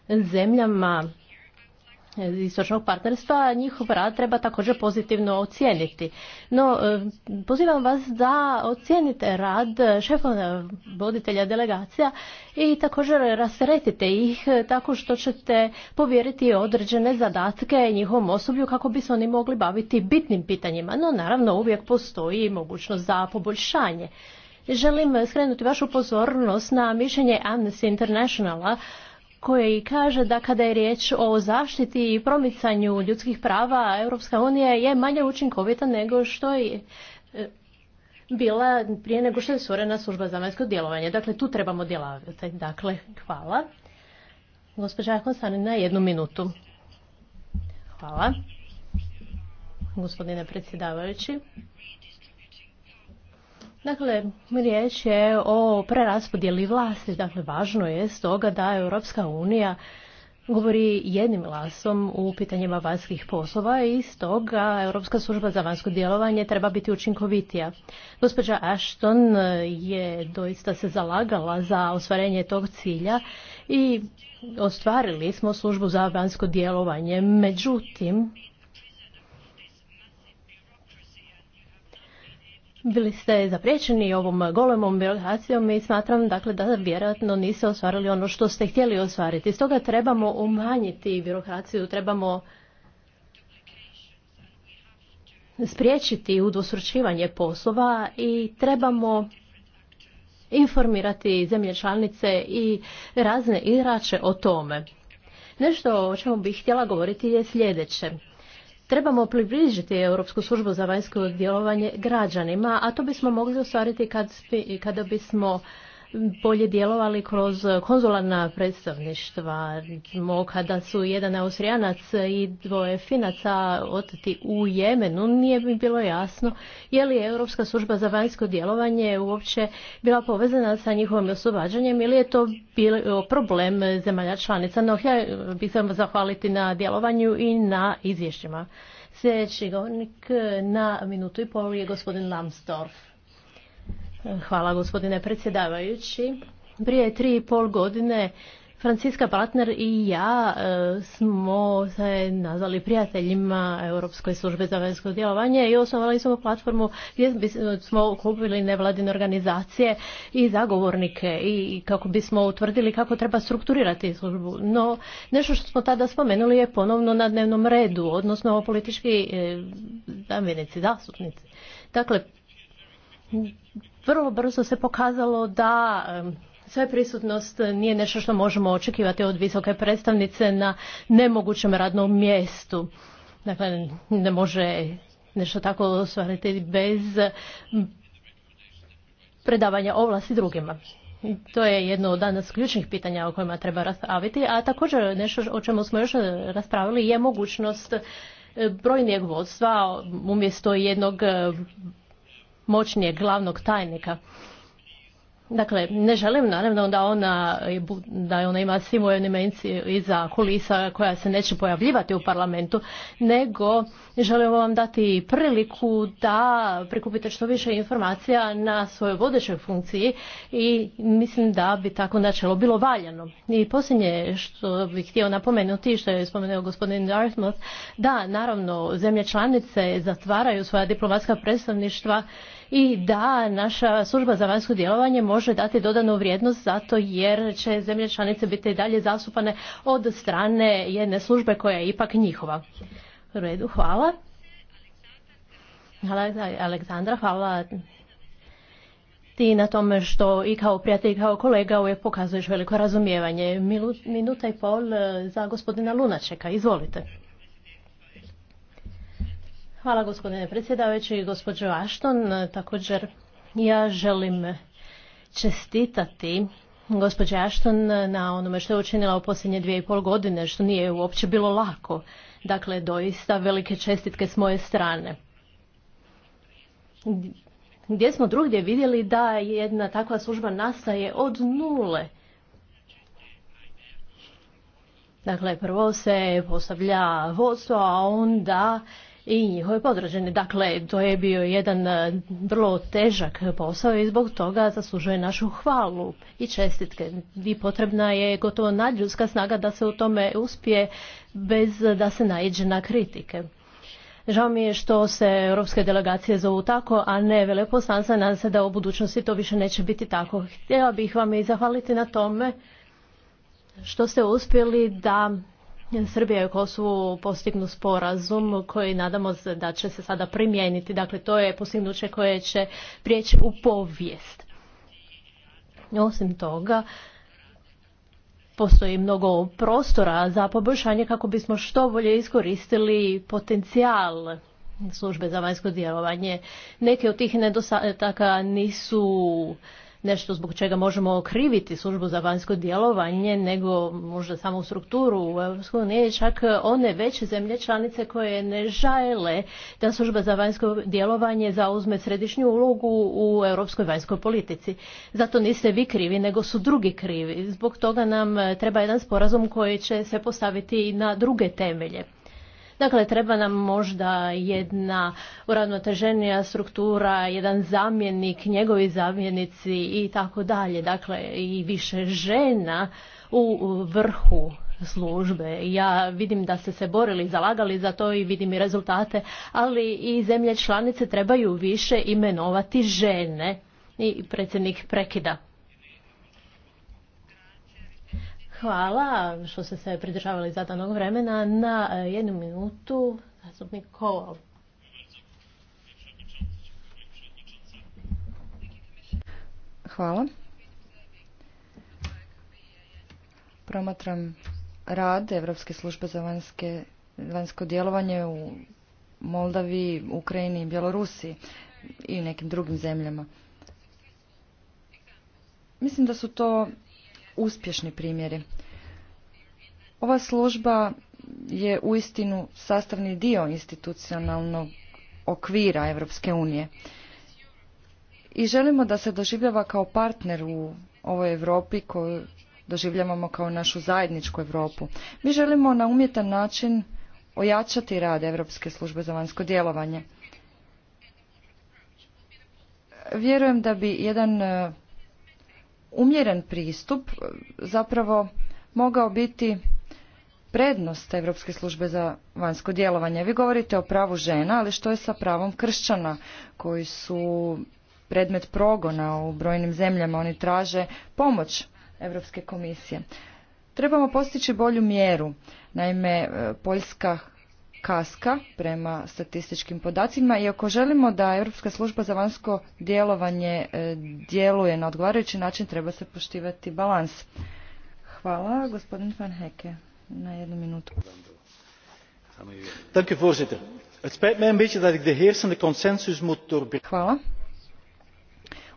S5: zemljama istočnog partnerstva, njihov rad treba također pozitivno ocijeniti. No, e, pozivam vas da ocijenite rad šefova voditelja delegacija i također rasteretite ih tako što ćete povjeriti određene zadatke njihovom osoblju kako bi se oni mogli baviti bitnim pitanjima. No, naravno, uvijek postoji mogućnost za poboljšanje. Želim skrenuti vašu pozornost na mišljenje Amnesty Internationala koji kaže da kada je riječ o zaštiti i promicanju ljudskih prava, Europska unija je manje učinkovita nego što je e, bila prije nego što je stvorena služba za vanjsko djelovanje. Dakle, tu trebamo djelovati. Dakle, hvala. Gospođa Konstantina, jednu minutu. Hvala. Gospodine predsjedavajući. Dakle, riječ je o preraspodjeli vlasti. Dakle, važno je stoga da Europska unija govori jednim glasom u pitanjima vanjskih poslova i stoga Europska služba za vanjsko djelovanje treba biti učinkovitija. Gospođa Ashton je doista se zalagala za ostvarenje tog cilja i ostvarili smo službu za vanjsko djelovanje. Međutim, Bili ste zapriječeni ovom golemom birokracijom i smatram dakle da vjerojatno niste ostvarili ono što ste htjeli ostvariti. Stoga trebamo umanjiti birokraciju, trebamo spriječiti udvostručivanje poslova i trebamo informirati zemlje članice i razne igrače o tome. Nešto o čemu bih htjela govoriti je sljedeće. Trebamo približiti Europsku službu za vanjsko djelovanje građanima, a to bismo mogli ostvariti kad, kada bismo bolje djelovali kroz konzularna predstavništva. Recimo, kada su jedan Austrijanac i dvoje Finaca oteti u Jemenu, nije mi bilo jasno je li Europska služba za vanjsko djelovanje uopće bila povezana sa njihovim oslobađanjem ili je to bilo problem zemalja članica. No, ja bih sam zahvaliti na djelovanju i na izvješćima. Sljedeći govornik na minutu i pol je gospodin Lambsdorff. Hvala gospodine predsjedavajući. Prije tri i pol godine Franciska Partner i ja e, smo se nazvali prijateljima Europskoj službe za vanjsko djelovanje i osnovali smo platformu gdje smo okupili nevladine organizacije i zagovornike i kako bismo utvrdili kako treba strukturirati službu. No, nešto što smo tada spomenuli je ponovno na dnevnom redu, odnosno politički e, zamjenici, zastupnici. Dakle, vrlo brzo se pokazalo da sve prisutnost nije nešto što možemo očekivati od visoke predstavnice na nemogućem radnom mjestu. Dakle, ne može nešto tako ostvariti bez predavanja ovlasti drugima. To je jedno od danas ključnih pitanja o kojima treba raspraviti, a također nešto o čemu smo još raspravili je mogućnost e, brojnijeg vodstva umjesto jednog moćnijeg glavnog tajnika. Dakle, ne želim naravno da ona, da ona ima simu menci iza kulisa koja se neće pojavljivati u parlamentu, nego želim vam dati priliku da prikupite što više informacija na svojoj vodećoj funkciji i mislim da bi tako načelo bilo valjano. I posljednje što bih htio napomenuti, što je spomenuo gospodin Dartmouth, da naravno zemlje članice zatvaraju svoja diplomatska predstavništva i da naša služba za vanjsko djelovanje može dati dodanu vrijednost zato jer će zemlje članice biti dalje zastupane od strane jedne službe koja je ipak njihova. U redu, hvala. Aleksandra, hvala ti na tome što i kao prijatelj i kao kolega uvijek pokazuješ veliko razumijevanje. Minuta i pol za gospodina Lunačeka, izvolite. Hvala gospodine predsjedavajući i gospođo Ašton. Također ja želim čestitati gospođe Ašton na onome što je učinila u posljednje dvije i pol godine, što nije uopće bilo lako. Dakle, doista velike čestitke s moje strane. Gdje smo drugdje vidjeli da jedna takva služba nastaje od nule. Dakle, prvo se postavlja vodstvo, a onda i njihove podređene. Dakle, to je bio jedan e, vrlo težak posao i zbog toga zaslužuje našu hvalu i čestitke. I potrebna je gotovo nadljudska snaga da se u tome uspije bez da se naiđe na kritike. Žao mi je što se europske delegacije zovu tako, a ne veleposlanca. Nadam se da u budućnosti to više neće biti tako. Htjela bih vam i zahvaliti na tome što ste uspjeli da Srbija i Kosovo postignu sporazum koji nadamo se da će se sada primijeniti. Dakle, to je postignuće koje će prijeći u povijest. Osim toga, postoji mnogo prostora za poboljšanje kako bismo što bolje iskoristili potencijal službe za vanjsko djelovanje. Neke od tih nedostataka nisu nešto zbog čega možemo okriviti službu za vanjsko djelovanje, nego možda samo strukturu u EU, čak one veće zemlje članice koje ne žele da služba za vanjsko djelovanje zauzme središnju ulogu u europskoj vanjskoj politici. Zato niste vi krivi, nego su drugi krivi. Zbog toga nam treba jedan sporazum koji će se postaviti na druge temelje. Dakle, treba nam možda jedna uravnoteženija struktura, jedan zamjenik, njegovi zamjenici i tako dalje. Dakle, i više žena u vrhu službe. Ja vidim da ste se borili, zalagali za to i vidim i rezultate, ali i zemlje članice trebaju više imenovati žene. I predsjednik prekida. Hvala što ste se pridržavali zadanog vremena. Na e, jednu minutu, zastupnik Koval.
S2: Hvala. Promatram rad Evropske službe za vanjsko djelovanje u Moldavi, Ukrajini i Bjelorusiji i nekim drugim zemljama. Mislim da su to uspješni primjeri. Ova služba je uistinu sastavni dio institucionalnog okvira Europske unije. I želimo da se doživljava kao partner u ovoj Europi koju doživljavamo kao našu zajedničku Europu. Mi želimo na umjetan način ojačati rad Europske službe za vanjsko djelovanje. Vjerujem da bi jedan umjeren pristup zapravo mogao biti prednost Europske službe za vanjsko djelovanje. Vi govorite o pravu žena, ali što je sa pravom kršćana koji su predmet progona u brojnim zemljama, oni traže pomoć Europske komisije. Trebamo postići bolju mjeru. Naime, Poljska kaska prema statističkim podacima i ako želimo da Europska služba za vanjsko djelovanje e, djeluje na odgovarajući način, treba se poštivati balans. Hvala, gospodin Van Heke, na jednu minutu. Hvala.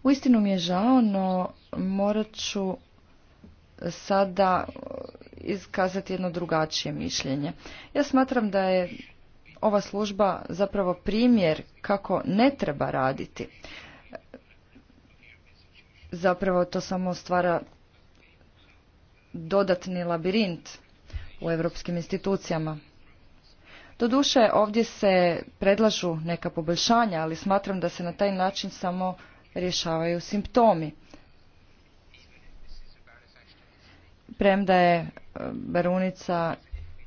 S2: Uistinu mi je žao, no morat ću sada iskazati jedno drugačije mišljenje. Ja smatram da je ova služba zapravo primjer kako ne treba raditi. Zapravo to samo stvara dodatni labirint u europskim institucijama. Doduše, ovdje se predlažu neka poboljšanja, ali smatram da se na taj način samo rješavaju simptomi. premda je e, Barunica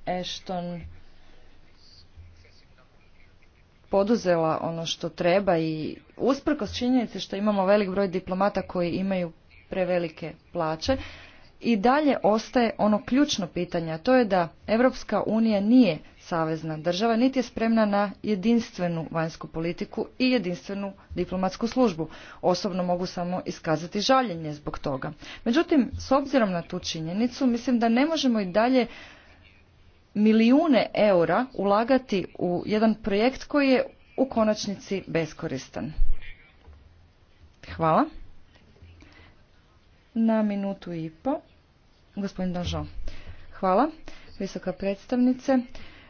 S2: Ashton poduzela ono što treba i usprkos činjenice što imamo velik broj diplomata koji imaju prevelike plaće i dalje ostaje ono ključno pitanje a to je da Europska unija nije savezna država, niti je spremna na jedinstvenu vanjsku politiku i jedinstvenu diplomatsku službu. Osobno mogu samo iskazati žaljenje zbog toga. Međutim, s obzirom na tu činjenicu, mislim da ne možemo i dalje milijune eura ulagati u jedan projekt koji je u konačnici beskoristan. Hvala. Na minutu i po. Gospodin Danžo. Hvala. Visoka predstavnice.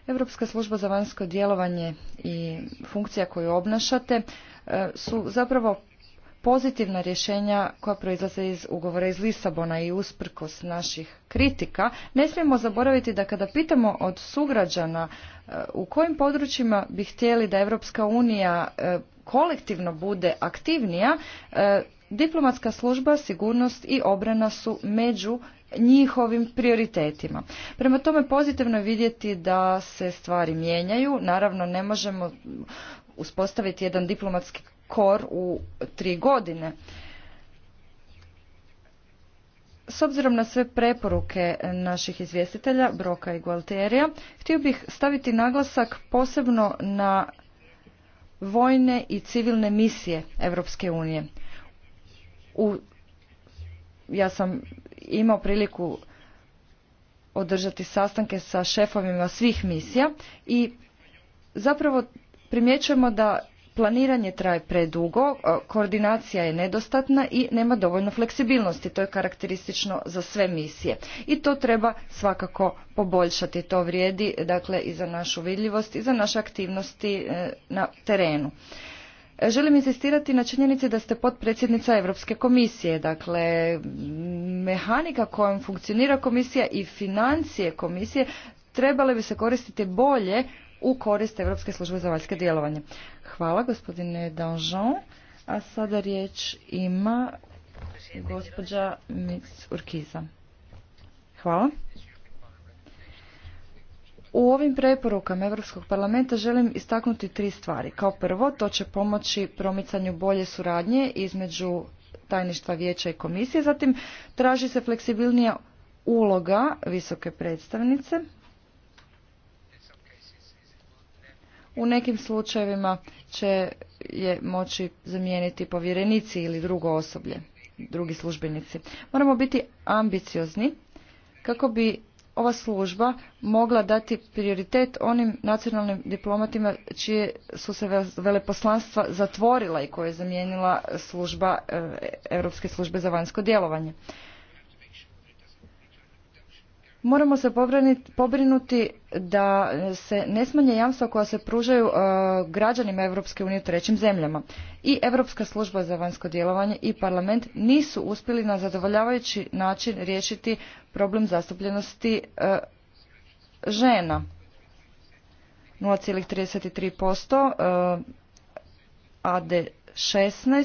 S2: Europska služba za vanjsko djelovanje i funkcija koju obnašate e, su zapravo pozitivna rješenja koja proizlaze iz ugovora iz Lisabona i usprkos naših kritika, ne smijemo zaboraviti da kada pitamo od sugrađana e, u kojim područjima bi htjeli da Europska unija e, kolektivno bude aktivnija, diplomatska služba, sigurnost i obrana su među njihovim prioritetima. Prema tome pozitivno je vidjeti da se stvari mijenjaju. Naravno ne možemo uspostaviti jedan diplomatski kor u tri godine. S obzirom na sve preporuke naših izvjestitelja, Broka i Gualterija, htio bih staviti naglasak posebno na vojne i civilne misije Europske unije. U, ja sam imao priliku održati sastanke sa šefovima svih misija i zapravo primjećujemo da planiranje traje predugo, koordinacija je nedostatna i nema dovoljno fleksibilnosti. To je karakteristično za sve misije. I to treba svakako poboljšati. To vrijedi dakle, i za našu vidljivost i za naše aktivnosti e, na terenu. Želim insistirati na činjenici da ste potpredsjednica Europske komisije. Dakle, mehanika kojom funkcionira komisija i financije komisije trebale bi se koristiti bolje u korist Europske službe za valjske djelovanje. Hvala gospodine Danjean. A sada riječ ima gospođa Mix Urkiza. Hvala. U ovim preporukama Europskog parlamenta želim istaknuti tri stvari. Kao prvo, to će pomoći promicanju bolje suradnje između tajništva vijeća i komisije. Zatim, traži se fleksibilnija uloga visoke predstavnice. U nekim slučajevima će je moći zamijeniti povjerenici ili drugo osoblje, drugi službenici. Moramo biti ambiciozni kako bi ova služba mogla dati prioritet onim nacionalnim diplomatima čije su se veleposlanstva zatvorila i koje je zamijenila služba e, Europske službe za vanjsko djelovanje. Moramo se pobrinuti da se ne smanje jamstva koja se pružaju e, građanima Europske unije u trećim zemljama. I Europska služba za vanjsko djelovanje i parlament nisu uspjeli na zadovoljavajući način riješiti problem zastupljenosti e, žena. 0,33% e, AD16,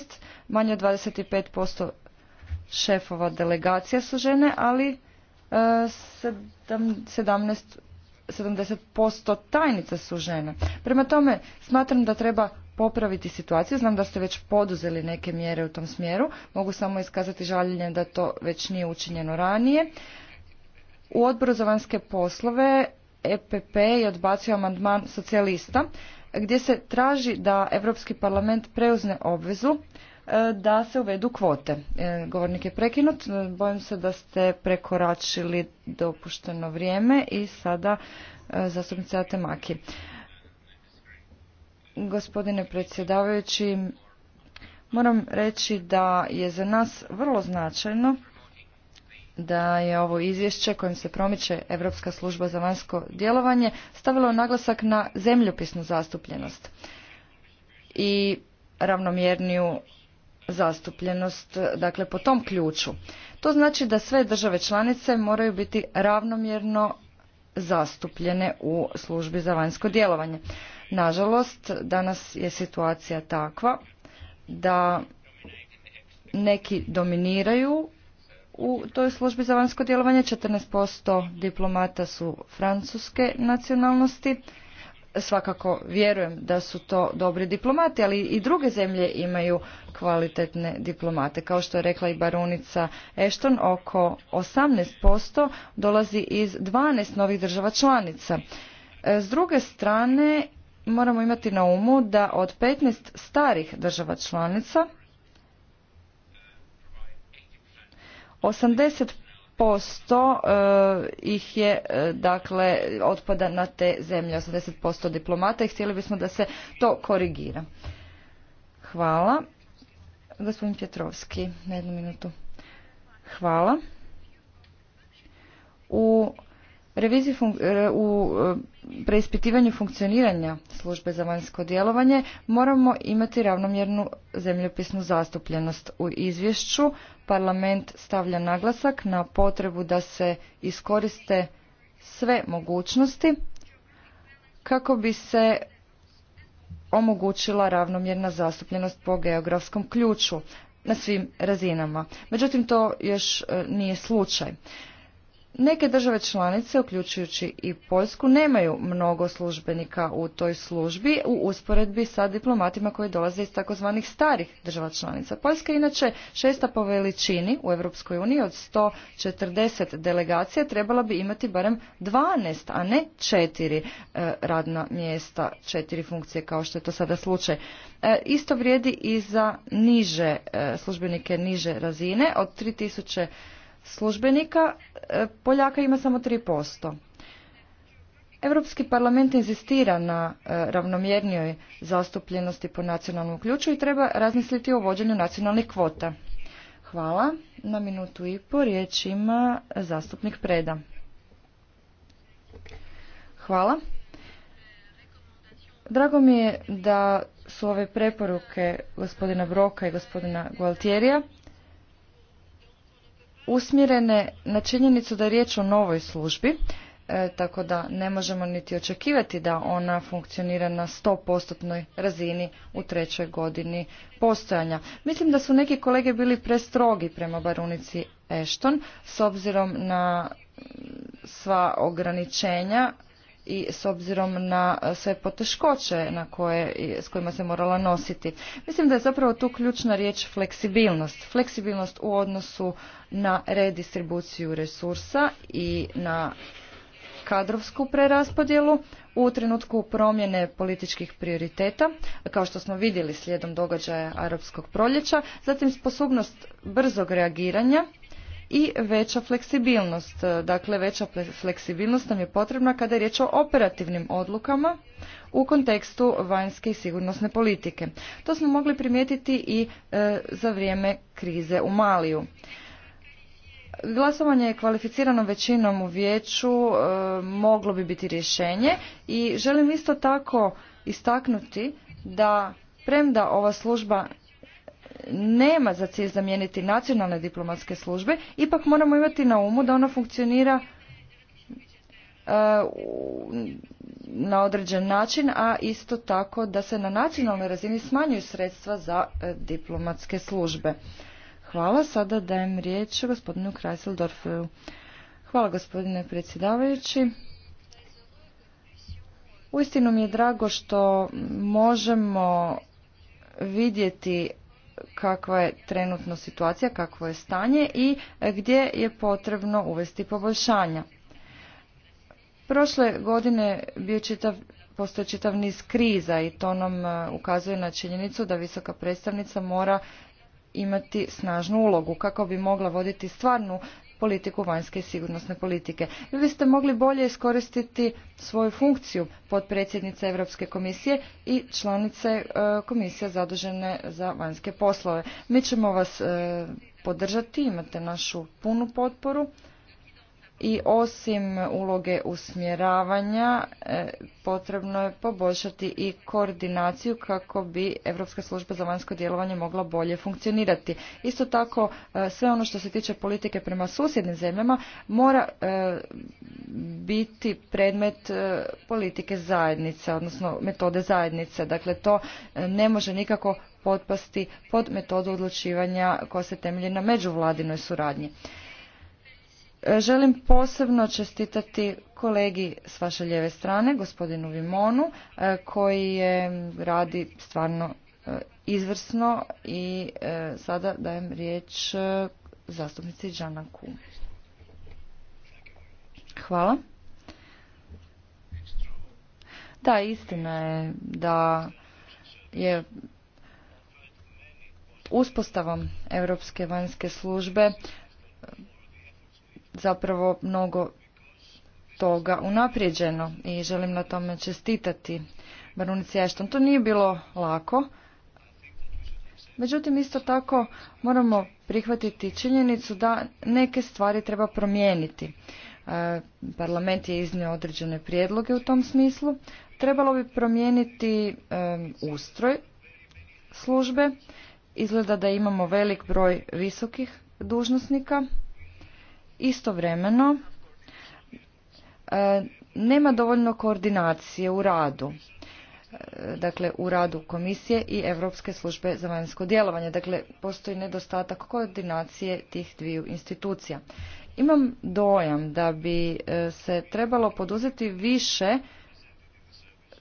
S2: manje od 25% šefova delegacija su žene, ali 70% tajnica su žene. Prema tome, smatram da treba popraviti situaciju. Znam da ste već poduzeli neke mjere u tom smjeru. Mogu samo iskazati žaljenje da to već nije učinjeno ranije. U odboru za vanjske poslove EPP je odbacio amandman socijalista gdje se traži da Europski parlament preuzne obvezu E, da se uvedu kvote. E, govornik je prekinut, e, bojim se da ste prekoračili dopušteno vrijeme i sada zastupnica Atemaki. Gospodine predsjedavajući, moram reći da je za nas vrlo značajno da je ovo izvješće kojim se promiče Europska služba za vanjsko djelovanje stavilo naglasak na zemljopisnu zastupljenost i ravnomjerniju zastupljenost, dakle po tom ključu. To znači da sve države članice moraju biti ravnomjerno zastupljene u službi za vanjsko djelovanje. Nažalost, danas je situacija takva da neki dominiraju u toj službi za vanjsko djelovanje, 14% diplomata su francuske nacionalnosti, svakako vjerujem da su to dobri diplomati, ali i druge zemlje imaju kvalitetne diplomate. Kao što je rekla i baronica Ashton, oko 18% dolazi iz 12 novih država članica. E, s druge strane, moramo imati na umu da od 15 starih država članica 80% posto eh, ih je eh, dakle otpada na te zemlje 80% diplomata i htjeli bismo da se to korigira. Hvala. Gospodin Pjetrovski, na jednu minutu. Hvala. U u e, preispitivanju funkcioniranja službe za vanjsko djelovanje moramo imati ravnomjernu zemljopisnu zastupljenost. U izvješću parlament stavlja naglasak na potrebu da se iskoriste sve mogućnosti kako bi se omogućila ravnomjerna zastupljenost po geografskom ključu na svim razinama. Međutim, to još e, nije slučaj. Neke države članice, uključujući i Poljsku, nemaju mnogo službenika u toj službi u usporedbi sa diplomatima koji dolaze iz takozvanih starih država članica. Poljska je inače šesta po veličini u Europskoj uniji od 140 delegacija trebala bi imati barem 12, a ne 4 e, radna mjesta, 4 funkcije kao što je to sada slučaj. E, isto vrijedi i za niže e, službenike niže razine od 3000 službenika, e, Poljaka ima samo 3%. Europski parlament inzistira na e, ravnomjernijoj zastupljenosti po nacionalnom ključu i treba razmisliti o vođenju nacionalnih kvota. Hvala. Na minutu i po riječ ima zastupnik Preda. Hvala. Drago mi je da su ove preporuke gospodina Broka i gospodina Gualtierija usmjerene na činjenicu da je riječ o novoj službi, e, tako da ne možemo niti očekivati da ona funkcionira na 100% razini u trećoj godini postojanja. Mislim da su neki kolege bili prestrogi prema barunici Ashton s obzirom na sva ograničenja i s obzirom na e, sve poteškoće na koje, s kojima se morala nositi. Mislim da je zapravo tu ključna riječ fleksibilnost. Fleksibilnost u odnosu na redistribuciju resursa i na kadrovsku preraspodjelu u trenutku promjene političkih prioriteta, kao što smo vidjeli slijedom događaja arapskog proljeća, zatim sposobnost brzog reagiranja i veća fleksibilnost. E, dakle, veća fleksibilnost nam je potrebna kada je riječ o operativnim odlukama u kontekstu vanjske i sigurnosne politike. To smo mogli primijetiti i e, za vrijeme krize u Maliju. Glasovanje je kvalificirano većinom u vijeću, e, moglo bi biti rješenje i želim isto tako istaknuti da premda ova služba nema za cilj zamijeniti nacionalne diplomatske službe, ipak moramo imati na umu da ona funkcionira e, na određen način, a isto tako da se na nacionalnoj razini smanjuju sredstva za e, diplomatske službe. Hvala. Sada dajem riječ gospodinu Kreiseldorfu. Hvala gospodine predsjedavajući. Uistinu mi je drago što možemo vidjeti kakva je trenutno situacija, kakvo je stanje i e, gdje je potrebno uvesti poboljšanja. Prošle godine bio čitav, postoje čitav niz kriza i to nam e, ukazuje na činjenicu da visoka predstavnica mora imati snažnu ulogu kako bi mogla voditi stvarnu politiku vanjske i sigurnosne politike. Vi biste mogli bolje iskoristiti svoju funkciju potpredsjednice Europske komisije i članice e, komisije zadužene za vanjske poslove. Mi ćemo vas e, podržati, imate našu punu potporu i osim uloge usmjeravanja e, potrebno je poboljšati i koordinaciju kako bi Europska služba za vanjsko djelovanje mogla bolje funkcionirati. Isto tako e, sve ono što se tiče politike prema susjednim zemljama mora e, biti predmet politike zajednice, odnosno metode zajednice. Dakle, to ne može nikako potpasti pod metodu odlučivanja koja se temelji na međuvladinoj suradnji. Želim posebno čestitati kolegi s vaše lijeve strane, gospodinu Vimonu, e, koji je radi stvarno e, izvrsno i e, sada dajem riječ zastupnici Ku. Hvala. Da, istina je da je uspostavom Europske vanjske službe zapravo mnogo toga unaprijeđeno i želim na tome čestitati Barunici Ešton. To nije bilo lako. Međutim, isto tako moramo prihvatiti činjenicu da neke stvari treba promijeniti. E, parlament je iznio određene prijedloge u tom smislu. Trebalo bi promijeniti e, ustroj službe. Izgleda da imamo velik broj visokih dužnosnika Istovremeno, e, nema dovoljno koordinacije u radu e, dakle u radu komisije i Europske službe za vanjsko djelovanje. Dakle, postoji nedostatak koordinacije tih dviju institucija. Imam dojam da bi e, se trebalo poduzeti više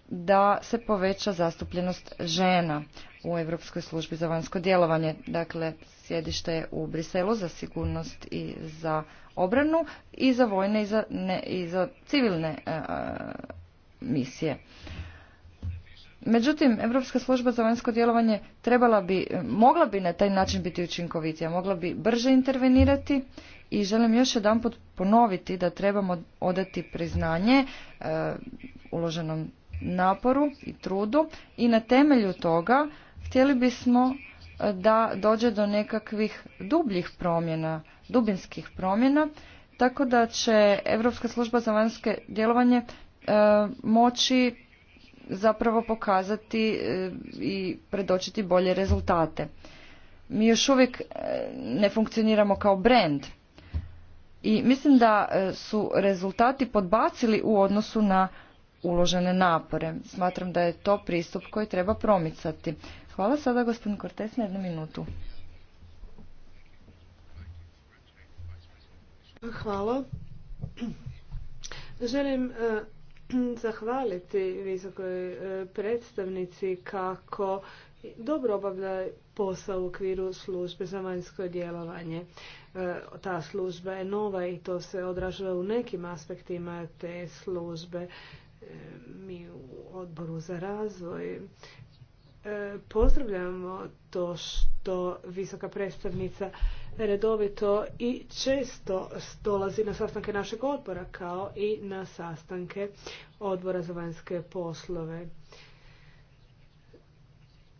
S2: da se poveća zastupljenost žena u Europskoj službi za vanjsko djelovanje. Dakle, sjedište je u Briselu za sigurnost i za obranu i za vojne i za, i za civilne e, e, misije. Međutim, Europska služba za vanjsko djelovanje trebala bi, e, mogla bi na taj način biti učinkovitija, mogla bi brže intervenirati i želim još jedanput ponoviti da trebamo odati priznanje uloženom naporu i trudu i na temelju toga htjeli bismo e, da dođe do nekakvih dubljih promjena, dubinskih promjena, tako da će Europska služba za vanjske djelovanje e, moći zapravo pokazati e, i predočiti bolje rezultate. Mi još uvijek ne funkcioniramo kao brand i mislim da su rezultati podbacili u odnosu na uložene napore. Smatram da je to pristup koji treba promicati. Hvala sada gospodin Kortes na jednu minutu.
S4: Hvala. Želim e, zahvaliti visokoj e, predstavnici kako dobro obavlja posao u okviru službe za vanjsko djelovanje. E, ta služba je nova i to se odražava u nekim aspektima te službe. Mi u odboru za razvoj E, pozdravljamo to što visoka predstavnica redovito i često dolazi na sastanke našeg odbora kao i na sastanke odbora za vanjske poslove.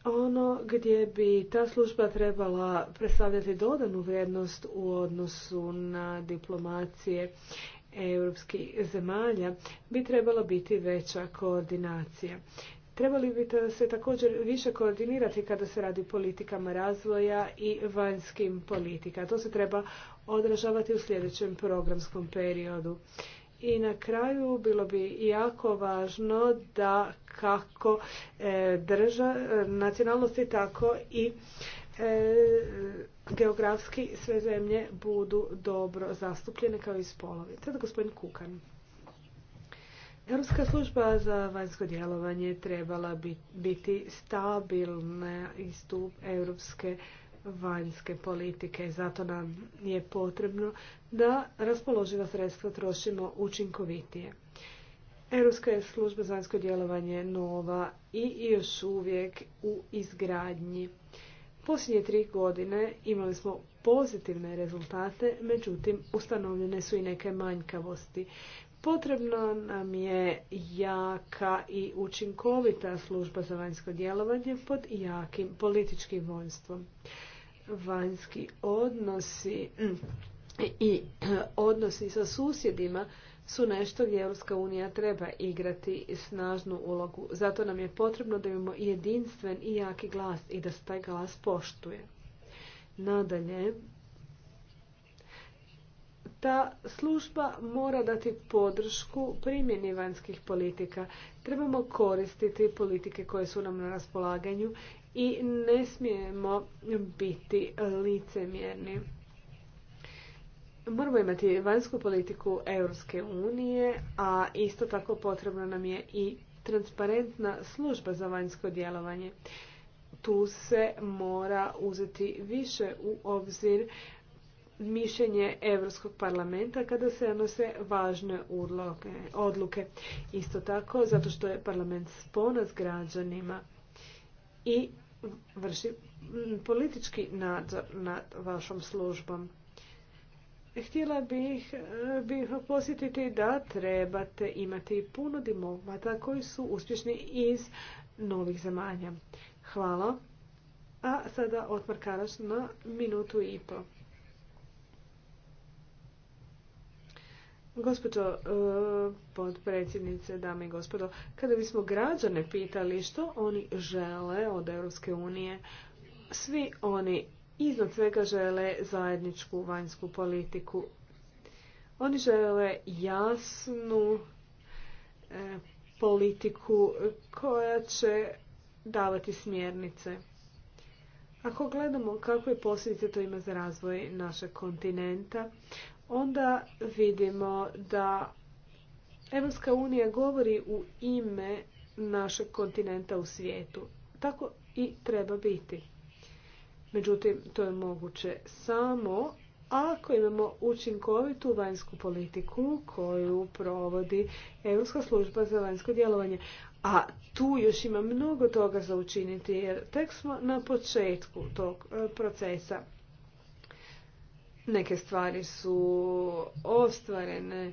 S4: Ono gdje bi ta služba trebala predstavljati dodanu vrijednost u odnosu na diplomacije europskih zemalja bi trebala biti veća koordinacija. Trebali bi se također više koordinirati kada se radi politikama razvoja i vanjskim politika. To se treba odražavati u sljedećem programskom periodu. I na kraju bilo bi jako važno da kako e, drža, nacionalnosti, tako i e, geografski sve zemlje budu dobro zastupljene kao i spolovi. Sada gospodin Kukan. Europska služba za vanjsko djelovanje trebala bi biti stabilna i stup europske vanjske politike. Zato nam je potrebno da raspoloživa sredstva trošimo učinkovitije. Europska je služba za vanjsko djelovanje nova i još uvijek u izgradnji. Posljednje tri godine imali smo pozitivne rezultate, međutim ustanovljene su i neke manjkavosti. Potrebno nam je jaka i učinkovita služba za vanjsko djelovanje pod jakim političkim vojstvom. Vanjski odnosi i odnosi sa susjedima su nešto gdje Europska unija treba igrati snažnu ulogu. Zato nam je potrebno da imamo jedinstven i jaki glas i da se taj glas poštuje. Nadalje, ta služba mora dati podršku primjeni vanjskih politika. Trebamo koristiti politike koje su nam na raspolaganju i ne smijemo biti licemjerni. Moramo imati vanjsku politiku Europske unije, a isto tako potrebna nam je i transparentna služba za vanjsko djelovanje. Tu se mora uzeti više u obzir mišljenje Europskog parlamenta kada se donose važne odluke. Isto tako zato što je parlament spona s građanima i vrši politički nadzor nad vašom službom. Htjela bih, bih posjetiti da trebate imati puno dimovata koji su uspješni iz novih zemalja. Hvala. A sada Otmar Karaš na minutu i pol. Gospođo e, podpredsjednice, dame i gospodo, kada bismo građane pitali što oni žele od Europske unije, svi oni iznad svega žele zajedničku vanjsku politiku. Oni žele jasnu e, politiku koja će davati smjernice. Ako gledamo kakve posljedice to ima za razvoj našeg kontinenta, onda vidimo da Evropska unija govori u ime našeg kontinenta u svijetu. Tako i treba biti. Međutim, to je moguće samo ako imamo učinkovitu vanjsku politiku koju provodi Europska služba za vanjsko djelovanje. A tu još ima mnogo toga za učiniti jer tek smo na početku tog e, procesa. Neke stvari su ostvarene,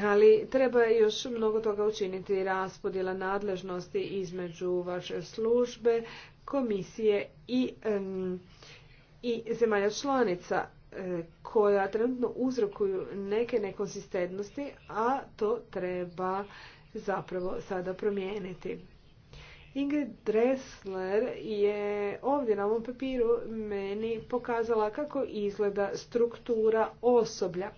S4: ali treba još mnogo toga učiniti raspodjela nadležnosti između vaše službe, komisije i, i zemalja članica e, koja trenutno uzrokuju neke nekonsistentnosti, a to treba zapravo sada promijeniti. Ingrid Dressler je ovdje na ovom papiru meni pokazala kako izgleda struktura osoblja.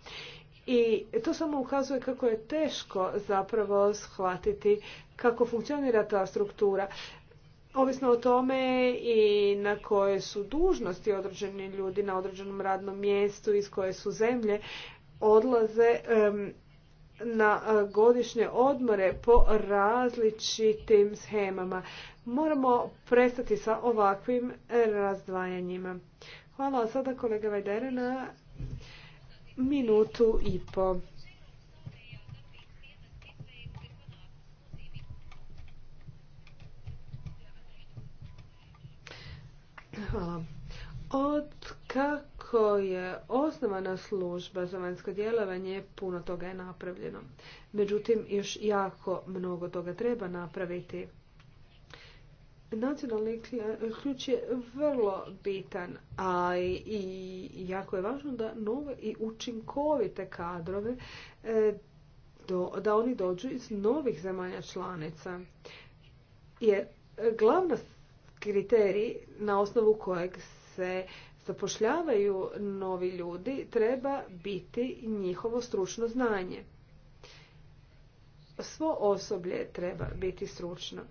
S4: I to samo ukazuje kako je teško zapravo shvatiti kako funkcionira ta struktura. Ovisno o tome i na koje su dužnosti određeni ljudi na određenom radnom mjestu, iz koje su zemlje, odlaze na e, godišnje odmore po različitim schemama. Moramo prestati sa ovakvim razdvajanjima. Hvala sada kolega Vajdere na minutu i po. Hvala. Od je osnovana služba za vanjsko djelovanje, puno toga je napravljeno. Međutim, još jako mnogo toga treba napraviti. Nacionalni ključ je vrlo bitan, a i jako je važno da nove i učinkovite kadrove e, da oni dođu iz novih zemalja članica. Je e, glavna kriterij na osnovu kojeg se zapošljavaju novi ljudi treba biti njihovo stručno znanje. Svo osoblje treba biti stručno.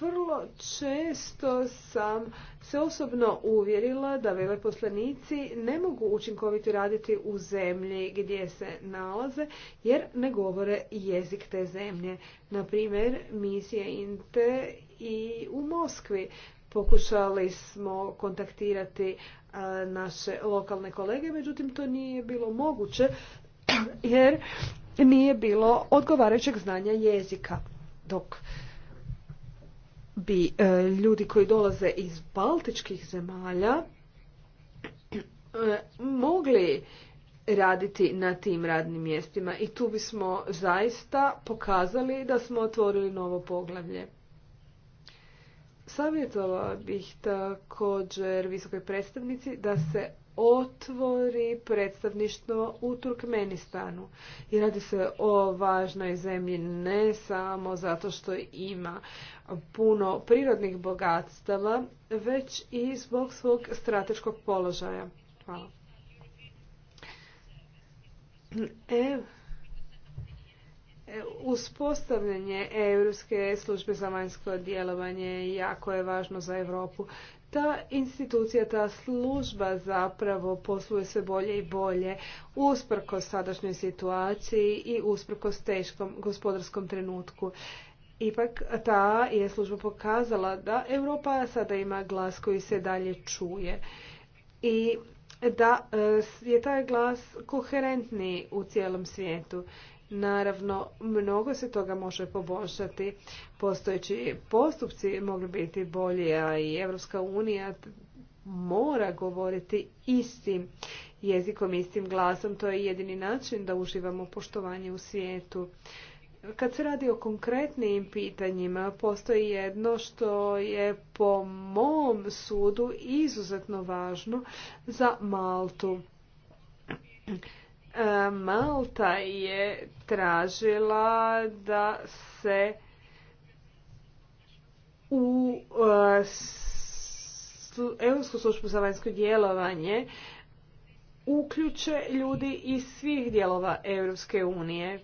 S4: Vrlo često sam se osobno uvjerila da veleposlanici ne mogu učinkovito raditi u zemlji gdje se nalaze jer ne govore jezik te zemlje. Na primjer, misija INTE i u Moskvi. Pokušali smo kontaktirati e, naše lokalne kolege, međutim to nije bilo moguće jer nije bilo odgovarajućeg znanja jezika. Dok bi e, ljudi koji dolaze iz baltičkih zemalja e, mogli raditi na tim radnim mjestima i tu bismo zaista pokazali da smo otvorili novo poglavlje. Savjetovala bih također visokoj predstavnici da se otvori predstavništvo u Turkmenistanu. I radi se o važnoj zemlji ne samo zato što ima puno prirodnih bogatstava, već i zbog svog strateškog položaja. Hvala. E, Uspostavljanje Europske službe za vanjsko djelovanje jako je važno za Europu. Ta institucija, ta služba zapravo posluje sve bolje i bolje usprkos sadašnjoj situaciji i usprkos teškom gospodarskom trenutku. Ipak ta je služba pokazala da Europa sada ima glas koji se dalje čuje. I da e, je taj glas koherentniji u cijelom svijetu. Naravno, mnogo se toga može poboljšati. Postojeći postupci mogli biti bolji, a i Evropska unija mora govoriti istim jezikom, istim glasom. To je jedini način da uživamo poštovanje u svijetu. Kad se radi o konkretnim pitanjima, postoji jedno što je po mom sudu izuzetno važno za Maltu. Malta je tražila da se u e, Europsku službu za vanjsko djelovanje uključe ljudi iz svih dijelova Europske unije.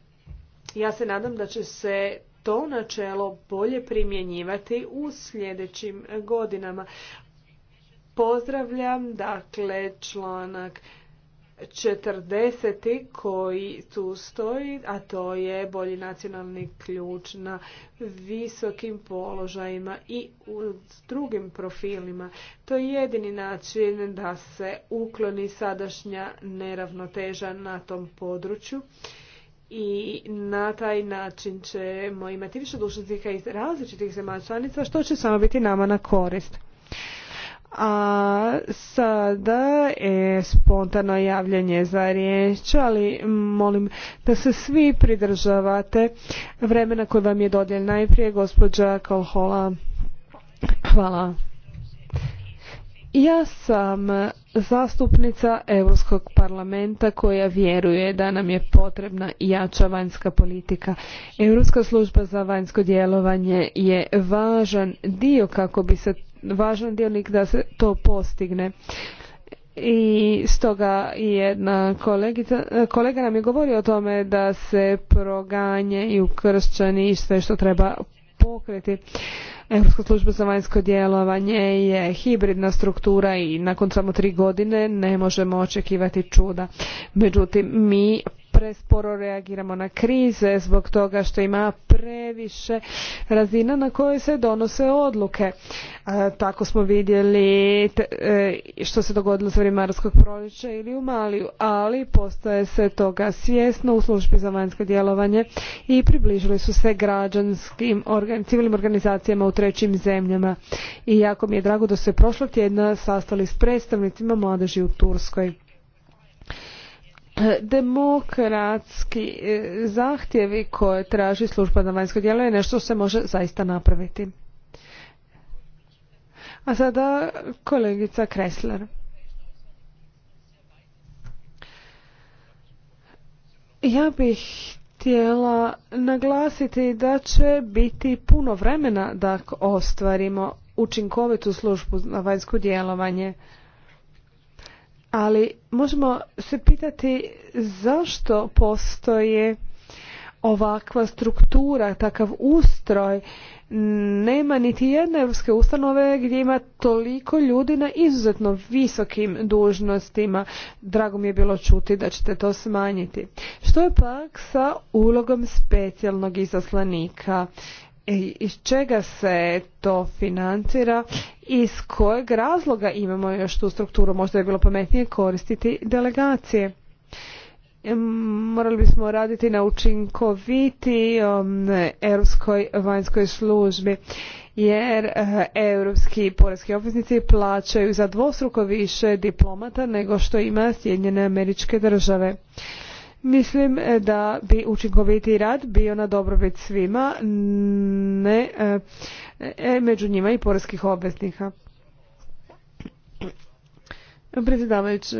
S4: Ja se nadam da će se to načelo bolje primjenjivati u sljedećim godinama. Pozdravljam dakle članak 40. koji tu stoji, a to je bolji nacionalni ključ na visokim položajima i u drugim profilima. To je jedini način da se ukloni sadašnja neravnoteža na tom području i na taj način ćemo imati više dužnosnika iz različitih zemalja članica što će samo biti nama na korist a sada je spontano javljanje za riječ, ali molim da se svi pridržavate vremena koje vam je dodijel Najprije gospođa Kolhola. Hvala. Ja sam zastupnica Europskog parlamenta koja vjeruje da nam je potrebna jača vanjska politika. Europska služba za vanjsko djelovanje je važan dio kako bi se važan dionik da se to postigne i stoga jedna kolegica, kolega nam je govorio o tome da se proganje i ukršćani i sve što treba pokriti. Europska služba za vanjsko djelovanje je hibridna struktura i nakon samo tri godine ne možemo očekivati čuda. Međutim, mi presporo reagiramo na krize zbog toga što ima previše razina na kojoj se donose odluke. E, tako smo vidjeli e, što se dogodilo za vrijeme proljeća ili u Maliju, ali postaje se toga svjesno u službi za vanjsko djelovanje i približili su se građanskim civilnim organizacijama u trećim zemljama. I jako mi je drago da su se prošlog tjedna sastali s predstavnicima mladeži u Turskoj demokratski e, zahtjevi koje traži služba na vanjsko djelo je nešto se može zaista napraviti. A sada kolegica Kressler. Ja bih htjela naglasiti da će biti puno vremena da ostvarimo učinkovitu službu na vanjsko djelovanje ali možemo se pitati zašto postoje ovakva struktura, takav ustroj, nema niti jedne europske ustanove gdje ima toliko ljudi na izuzetno visokim dužnostima. Drago mi je bilo čuti da ćete to smanjiti. Što je pak sa ulogom specijalnog izaslanika? iz čega se to financira i iz kojeg razloga imamo još tu strukturu. Možda je bilo pametnije koristiti delegacije. Morali bismo raditi na učinkoviti um, europskoj vanjskoj službi jer eh, europski poreski obveznici plaćaju za dvostruko više diplomata nego što ima Sjedinjene američke države. Mislim e, da bi učinkovitiji rad bio na dobrobit svima, ne e, e, među njima i poreskih obveznika. Predsjedavajući,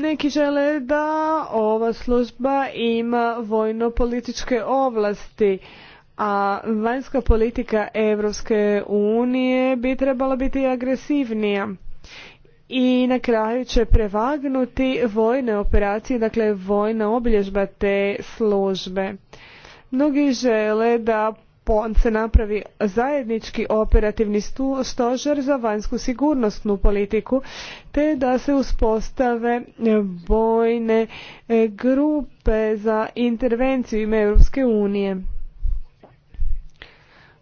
S4: neki žele da ova služba ima vojno-političke ovlasti, a vanjska politika Europske unije bi trebala biti agresivnija i na kraju će prevagnuti vojne operacije, dakle vojna obilježba te službe. Mnogi žele da se napravi zajednički operativni stožer za vanjsku sigurnosnu politiku te da se uspostave vojne e, grupe za intervenciju ime Europske unije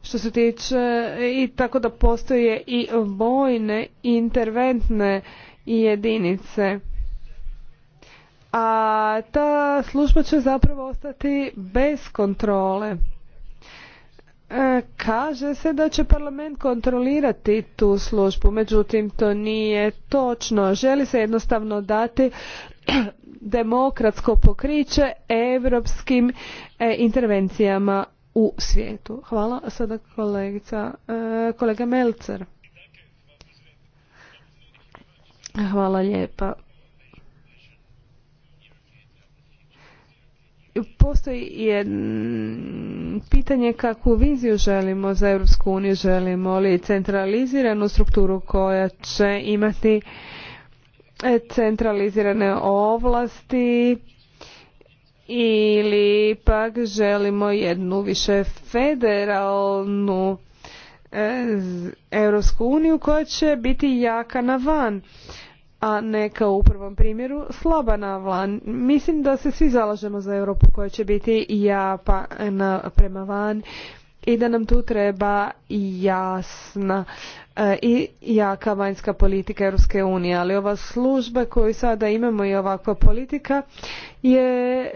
S4: što se tiče e, i tako da postoje i vojne i interventne jedinice a ta služba će zapravo ostati bez kontrole e, Kaže se da će parlament kontrolirati tu službu, međutim to nije točno. Želi se jednostavno dati demokratsko pokriće europskim e, intervencijama u svijetu. Hvala. sada kolegica, e, kolega Melcer. Hvala lijepa. Postoji jedno pitanje kakvu viziju želimo za Europsku uniju, želimo li centraliziranu strukturu koja će imati e, centralizirane ovlasti, ili pak želimo jednu više federalnu e, Europsku uniju koja će biti jaka na van, a ne kao u prvom primjeru slaba na van. Mislim da se svi zalažemo za Europu koja će biti jaka prema van i da nam tu treba jasna E, i jaka vanjska politika Europske unije, ali ova služba koju sada imamo i ovakva politika je e,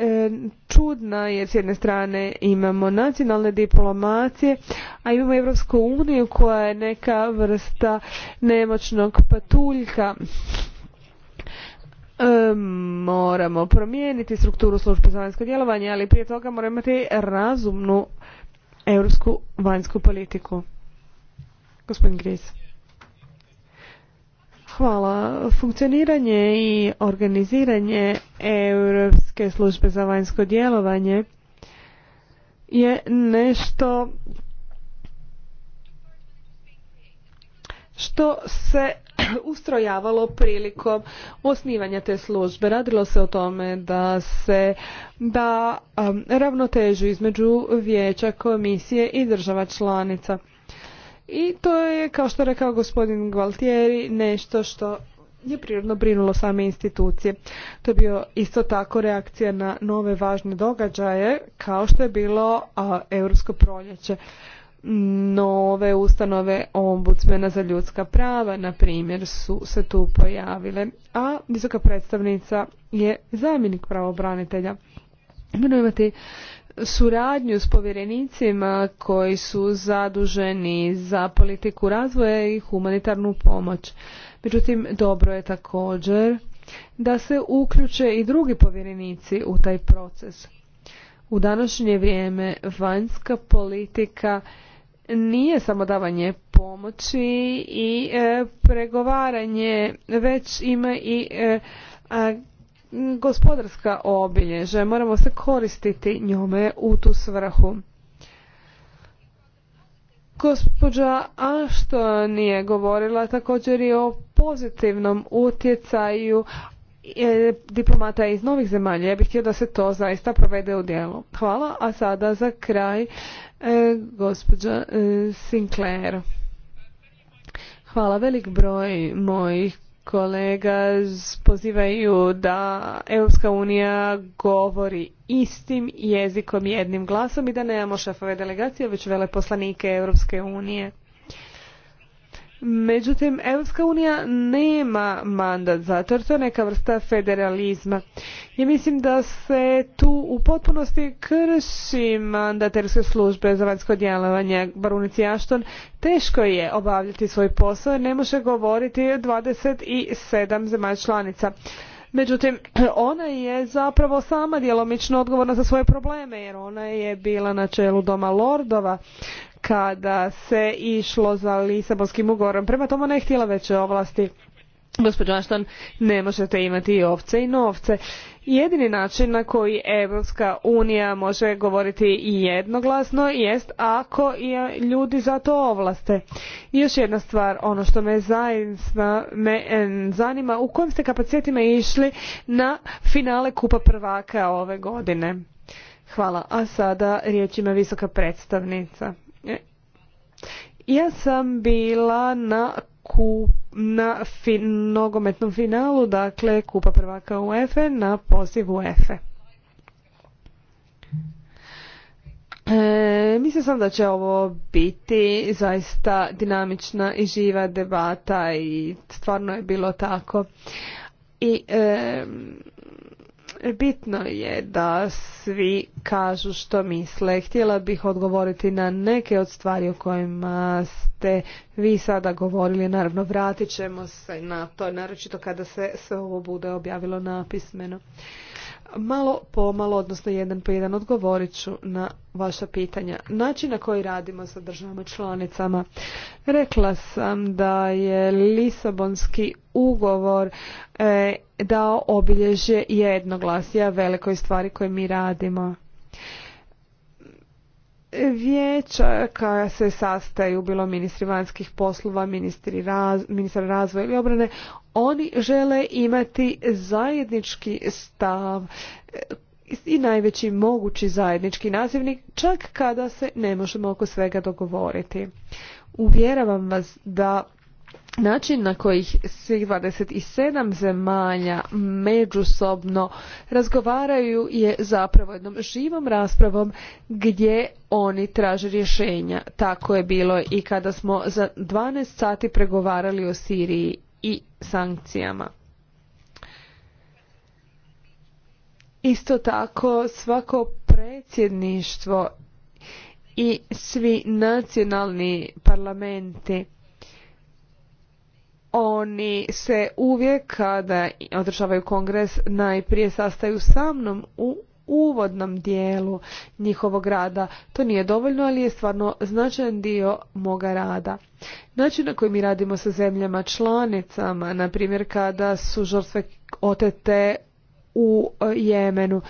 S4: čudna jer s jedne strane imamo nacionalne diplomacije, a imamo Europsku uniju koja je neka vrsta nemoćnog patuljka e, moramo promijeniti strukturu službe za vanjsko djelovanje, ali prije toga moramo imati razumnu europsku vanjsku politiku. Gospodin Gris. Hvala. Funkcioniranje i organiziranje Europske službe za vanjsko djelovanje je nešto što se ustrojavalo prilikom osnivanja te službe. Radilo se o tome da se da um, ravnotežu između vijeća, komisije i država članica. I to je, kao što je rekao gospodin Gualtieri, nešto što je prirodno brinulo same institucije. To je bio isto tako reakcija na nove važne događaje, kao što je bilo a, Europsko proljeće nove ustanove ombudsmena za ljudska prava, na primjer, su se tu pojavile, a visoka predstavnica je zamjenik pravobranitelja. Moramo suradnju s povjerenicima koji su zaduženi za politiku razvoja i humanitarnu pomoć. Međutim, dobro je također da se uključe i drugi povjerenici u taj proces. U današnje vrijeme vanjska politika nije samo davanje pomoći i e, pregovaranje, već ima i e, gospodarska obilježja. Moramo se koristiti njome u tu svrhu. Gospođa što nije govorila također i o pozitivnom utjecaju e, diplomata iz novih zemalja. Ja bih htio da se to zaista provede u djelo. Hvala, a sada za kraj e, gospođa e, Sinclair. Hvala, velik broj mojih kolega pozivaju da Europska unija govori istim jezikom jednim glasom i da nemamo šefove delegacije već veleposlanike Europske unije. Međutim, Europska unija nema mandat za to jer to neka vrsta federalizma. I mislim da se tu u potpunosti krši mandat službe za vanjsko djelovanje Barunici Ashton. Teško je obavljati svoj posao jer ne može govoriti 27 zemalja članica. Međutim, ona je zapravo sama djelomično odgovorna za svoje probleme jer ona je bila na čelu Doma Lordova kada se išlo za Lisabonskim ugovorom. Prema tomu ne htjela veće ovlasti. Gospođo Ašton, ne možete imati i ovce i novce. Jedini način na koji Europska unija može govoriti jednoglasno jest ako ljudi za to ovlaste. još jedna stvar, ono što me zaista me zanima, u kojim ste kapacitetima išli na finale Kupa prvaka ove godine? Hvala. A sada riječ ima visoka predstavnica. Ja sam bila na na nogometnom finalu, dakle Kupa prvaka UEFA na poziv UEFA. E, sam da će ovo biti zaista dinamična i živa debata i stvarno je bilo tako. I Bitno je da svi kažu što misle. Htjela bih odgovoriti na neke od stvari o kojima ste vi sada govorili. Naravno, vratit ćemo se na to, naročito kada se sve ovo bude objavilo napismeno. Malo pomalo, odnosno jedan po jedan, odgovorit ću na vaša pitanja. Način na koji radimo sa državama članicama. Rekla sam da je Lisabonski ugovor e, dao obilježje jednoglasja velikoj stvari koje mi radimo. Vijeća kada se sastaju bilo ministri vanjskih poslova, ministri razvoja ili obrane, oni žele imati zajednički stav e, i najveći mogući zajednički nazivnik, čak kada se ne možemo oko svega dogovoriti. Uvjeravam vas da način na kojih svih 27 zemalja međusobno razgovaraju je zapravo jednom živom raspravom gdje oni traže rješenja. Tako je bilo i kada smo za 12 sati pregovarali o Siriji i sankcijama. Isto tako svako predsjedništvo i svi nacionalni parlamenti oni se uvijek kada održavaju kongres najprije sastaju sa mnom u uvodnom dijelu njihovog rada. To nije dovoljno, ali je stvarno značajan dio moga rada. Način na koji mi radimo sa zemljama članicama, na primjer kada su žrtve otete u e, Jemenu.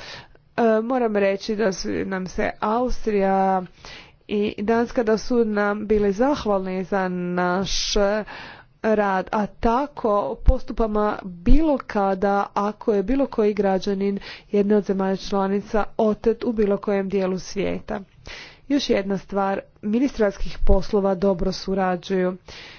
S4: E, moram reći da su nam se Austrija i Danska da su nam bili zahvalni za naš rad, a tako postupama bilo kada ako je bilo koji građanin jedne od zemalja članica otet u bilo kojem dijelu svijeta. Još jedna stvar, ministarskih poslova dobro surađuju.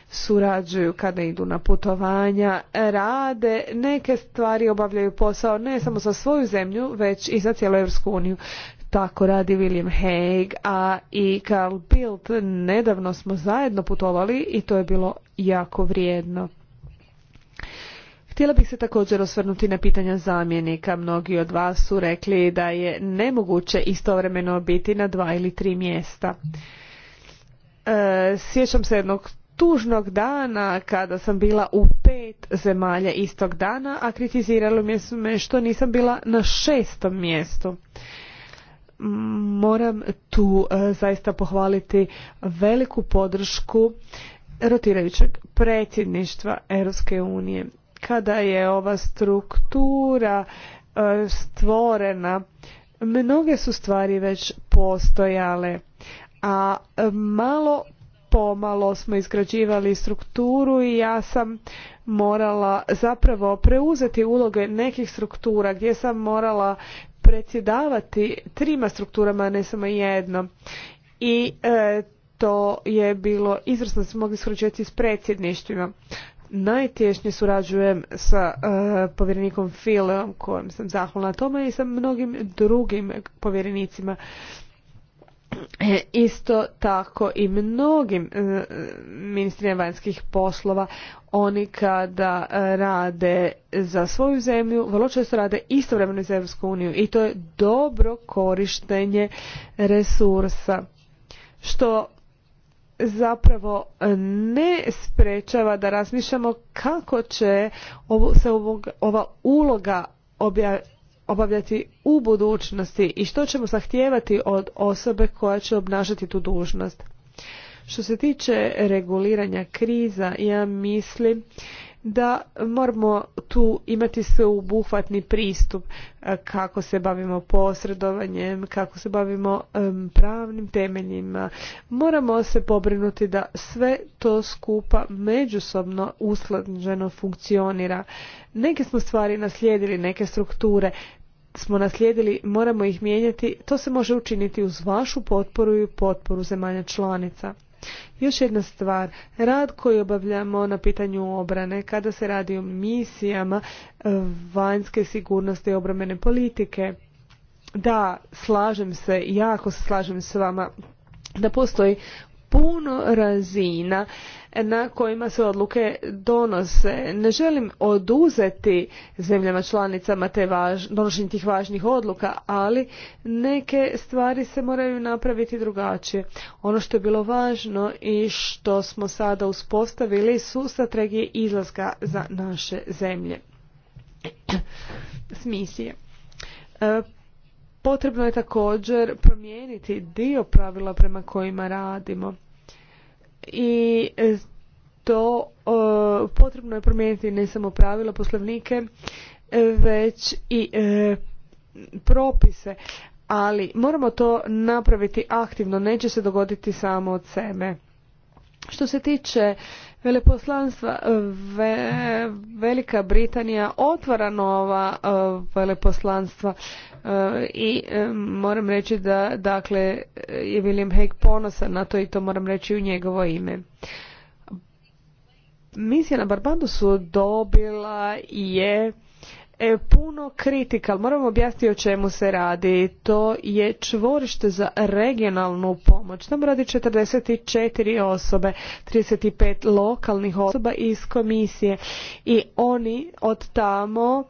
S4: Surađuju kada idu na putovanja, rade, neke stvari obavljaju posao ne samo za svoju zemlju, već i za cijelu EU uniju tako radi William Hague, a i Carl Bildt. Nedavno smo zajedno putovali i to je bilo jako vrijedno. Htjela bih se također osvrnuti na pitanja zamjenika. Mnogi od vas su rekli da je nemoguće istovremeno biti na dva ili tri mjesta. E, sjećam se jednog tužnog dana kada sam bila u pet zemalja istog dana, a kritiziralo mi me što nisam bila na šestom mjestu moram tu e, zaista pohvaliti veliku podršku rotirajućeg predsjedništva Europske unije. Kada je ova struktura e, stvorena, mnoge su stvari već postojale, a e, malo pomalo smo izgrađivali strukturu i ja sam morala zapravo preuzeti uloge nekih struktura gdje sam morala predsjedavati trima strukturama, ne samo jednom. I e, to je bilo izvrsno se mogli surađivati s predsjedništvima. Najtješnje surađujem sa e, povjerenikom Filom kojem sam zahvalna tome i sa mnogim drugim povjerenicima. E, isto tako i mnogim e, ministrima vanjskih poslova oni kada e, rade za svoju zemlju vrlo često rade istovremeno za Evropsku uniju i to je dobro korištenje resursa što zapravo ne sprečava da razmišljamo kako će se ova uloga objaviti, obavljati u budućnosti i što ćemo zahtijevati od osobe koja će obnašati tu dužnost. Što se tiče reguliranja kriza, ja mislim da moramo tu imati sveobuhvatni pristup e, kako se bavimo posredovanjem, kako se bavimo pravnim temeljima. Moramo se pobrinuti da sve to skupa međusobno usklađeno funkcionira. Neke smo stvari naslijedili, neke strukture, smo naslijedili moramo ih mijenjati, to se može učiniti uz vašu potporu i potporu zemalja članica. Još jedna stvar, rad koji obavljamo na pitanju obrane kada se radi o misijama e, vanjske sigurnosti i obrambene politike. Da, slažem se, jako se slažem s vama da postoji puno razina na kojima se odluke donose. Ne želim oduzeti zemljama članicama te važ, donošenje tih važnih odluka, ali neke stvari se moraju napraviti drugačije. Ono što je bilo važno i što smo sada uspostavili su strategije izlaska za naše zemlje. Smisije. E, potrebno je također promijeniti dio pravila prema kojima radimo i e, to e, potrebno je promijeniti ne samo pravila poslovnike e, već i propise ali moramo to napraviti aktivno neće se dogoditi samo od sebe što se tiče veleposlanstva. E, Velika Britanija otvara nova e, veleposlanstva e, i moram reći da dakle je William Hague ponosan na to i to moram reći u njegovo ime. Misija na su dobila je E, puno kritika, ali moramo objasniti o čemu se radi. To je čvorište za regionalnu pomoć. Tamo radi 44 osobe, 35 lokalnih osoba iz komisije i oni od tamo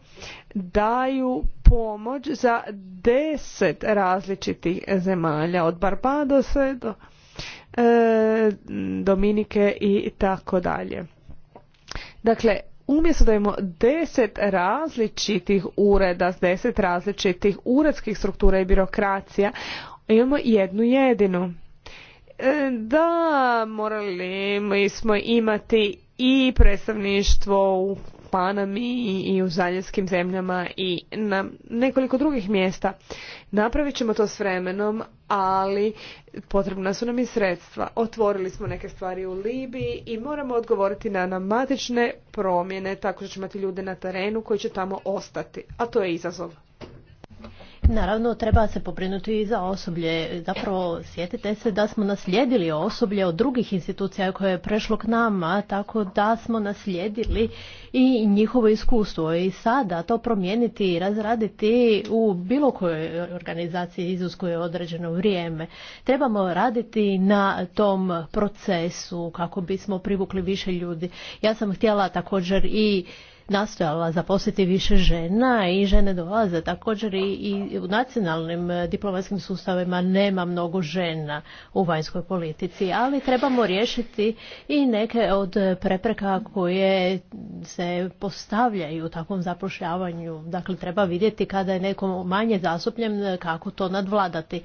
S4: daju pomoć za deset različitih zemalja, od Barbadose do e, Dominike i tako dalje. Dakle, umjesto da imamo deset različitih ureda s deset različitih uredskih struktura i birokracija imamo jednu jedinu e, da morali smo imati i predstavništvo u Panami i u zaljevskim zemljama i na nekoliko drugih mjesta. Napravit ćemo to s vremenom, ali potrebna su nam i sredstva. Otvorili smo neke stvari u Libiji i moramo odgovoriti na namatične promjene, tako da ćemo imati ljude na terenu koji će tamo ostati, a to je izazov.
S5: Naravno, treba se pobrinuti i za osoblje. Zapravo, sjetite se da smo naslijedili osoblje od drugih institucija koje je prešlo k nama, tako da smo naslijedili i njihovo iskustvo. I sada to promijeniti i razraditi u bilo kojoj organizaciji je određeno vrijeme. Trebamo raditi na tom procesu kako bismo privukli više ljudi. Ja sam htjela također i nastojala zaposliti više žena i žene dolaze također i u nacionalnim e, diplomatskim sustavima nema mnogo žena u vanjskoj politici, ali trebamo riješiti i neke od prepreka koje se postavljaju u takvom zapošljavanju. Dakle, treba vidjeti kada je nekom manje zastupljen e, kako to nadvladati.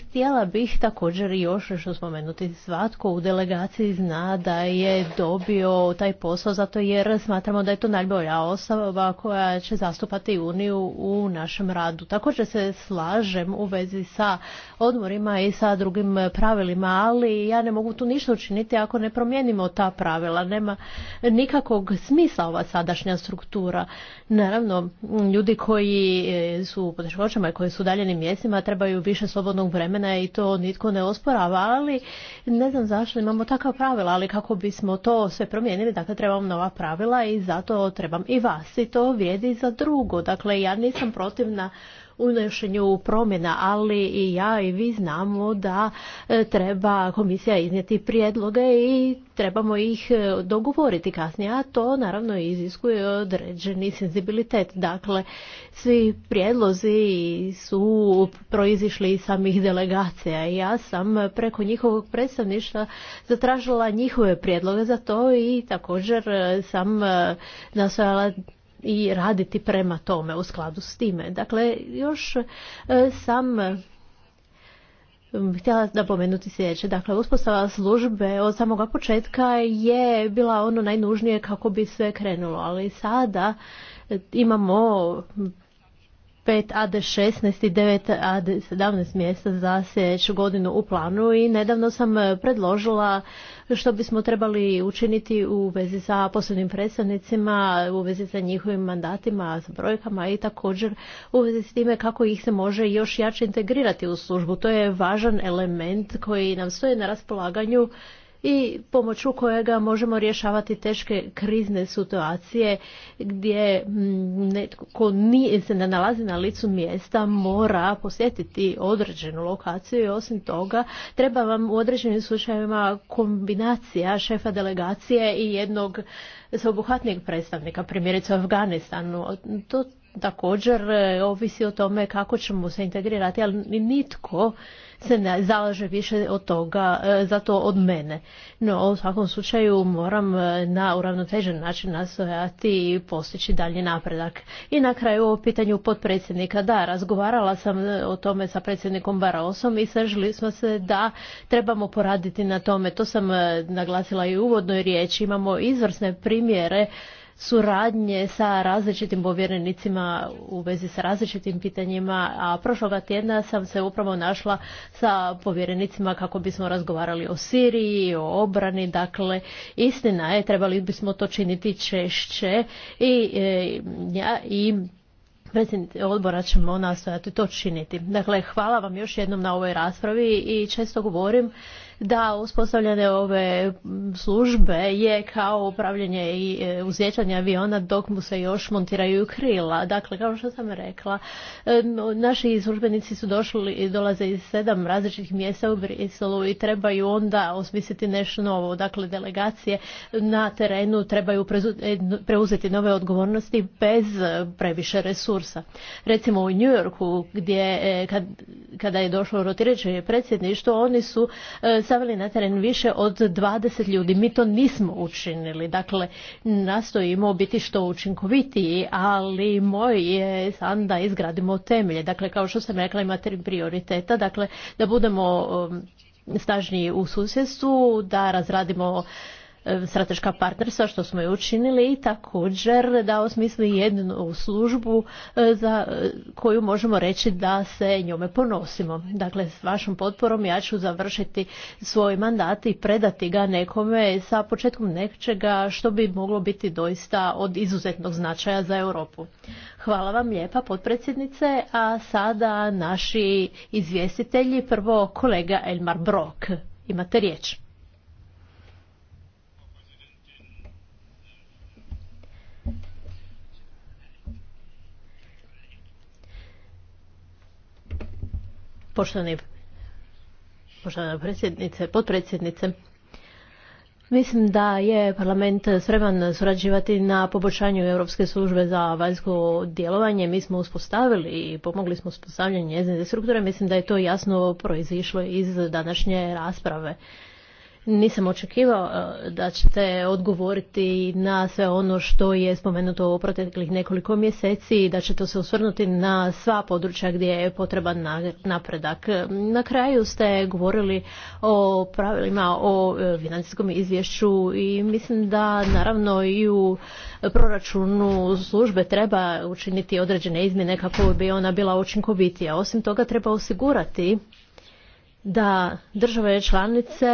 S5: Htjela bih također još što spomenuti, svatko u delegaciji zna da je dobio taj posao zato jer smatramo da je to najbolja osoba koja će zastupati Uniju u našem radu. Također se slažem u vezi sa odmorima i sa drugim pravilima, ali ja ne mogu tu ništa učiniti ako ne promijenimo ta pravila. Nema nikakvog smisla ova sadašnja struktura. Naravno, ljudi koji su u poteškoćama i koji su u daljenim mjestima trebaju više slobodnog vremena i to nitko ne osporava, ali ne znam zašto imamo takva pravila, ali kako bismo to sve promijenili, dakle trebam nova pravila i zato trebam i vas i to vrijedi za drugo. Dakle, ja nisam protivna unošenju promjena, ali i ja i vi znamo da e, treba komisija iznijeti prijedloge i trebamo ih e, dogovoriti kasnije, a to naravno iziskuje određeni senzibilitet. Dakle, svi prijedlozi su proizišli iz samih delegacija i ja sam preko njihovog predstavništva zatražila njihove prijedloge za to i također e, sam nastojala i raditi prema tome u skladu s time. Dakle, još e, sam e, Htjela napomenuti sljedeće. Dakle, uspostava službe od samoga početka je bila ono najnužnije kako bi sve krenulo, ali sada imamo 5 AD 16 i 9 AD 17 mjesta za sljedeću godinu u planu i nedavno sam e, predložila što bismo trebali učiniti u vezi sa poslovnim predstavnicima, u vezi sa njihovim mandatima, sa brojkama i također u vezi s time kako ih se može još jače integrirati u službu. To je važan element koji nam stoji na raspolaganju i pomoću kojega možemo rješavati teške krizne situacije gdje mm, netko se ne nalazi na licu mjesta mora posjetiti određenu lokaciju i osim toga treba vam u određenim slučajevima kombinacija šefa delegacije i jednog sveobuhvatnijeg predstavnika, primjerice u Afganistanu. To također e, ovisi o tome kako ćemo se integrirati, ali nitko se ne zalaže više od toga, e, za to od mene. No, u svakom slučaju moram e, na uravnotežen način nastojati i postići dalji napredak. I na kraju o pitanju potpredsjednika. Da, razgovarala sam e, o tome sa predsjednikom Barosom i sažili smo se da trebamo poraditi na tome. To sam naglasila i u uvodnoj riječi. Imamo izvrsne primjere suradnje sa različitim povjerenicima u vezi sa različitim pitanjima, a prošloga tjedna sam se upravo našla sa povjerenicima kako bismo razgovarali o Siriji, o obrani, dakle istina je, trebali bismo to činiti češće i e, ja i predsjednik odbora ćemo nastojati to činiti. Dakle, hvala vam još jednom na ovoj raspravi i često govorim da uspostavljene ove službe je kao upravljanje i e, uzjećanje aviona dok mu se još montiraju krila. Dakle, kao što sam rekla, e, naši službenici su došli, i dolaze iz sedam različitih mjesta u Briselu i trebaju onda osmisliti nešto novo. Dakle, delegacije na terenu trebaju e, preuzeti nove odgovornosti bez previše resursa. Recimo u New Yorku gdje kada je došlo rotirajuće predsjedništvo, oni su stavili na teren više od 20 ljudi. Mi to nismo učinili. Dakle, nastojimo biti što učinkovitiji, ali moj je san da izgradimo temelje. Dakle, kao što sam rekla, ima prioriteta. Dakle, da budemo um, snažniji u susjedstvu, da razradimo E, strateška partnerstva što smo i učinili i također da osmisli jednu službu e, za e, koju možemo reći da se njome ponosimo. Dakle, s vašom potporom ja ću završiti svoj mandat i predati ga nekome sa početkom nečega što bi moglo biti doista od izuzetnog značaja za Europu. Hvala vam lijepa potpredsjednice, a sada naši izvjestitelji, prvo kolega Elmar Brok. Imate riječ. Poštovani, poštovana predsjednice, potpredsjednice, Mislim da je parlament spreman surađivati na poboljšanju Europske službe za vanjsko djelovanje. Mi smo uspostavili i pomogli smo uspostavljanju njezine strukture. Mislim da je to jasno proizišlo iz današnje rasprave. Nisam očekivao e, da ćete odgovoriti na sve ono što je spomenuto u proteklih nekoliko mjeseci i da ćete se osvrnuti na sva područja gdje je potreban napredak. Na kraju ste govorili o pravilima o e, financijskom izvješću i mislim da naravno i u proračunu službe treba učiniti određene izmjene kako bi ona bila učinkovitija. Osim toga treba osigurati da države članice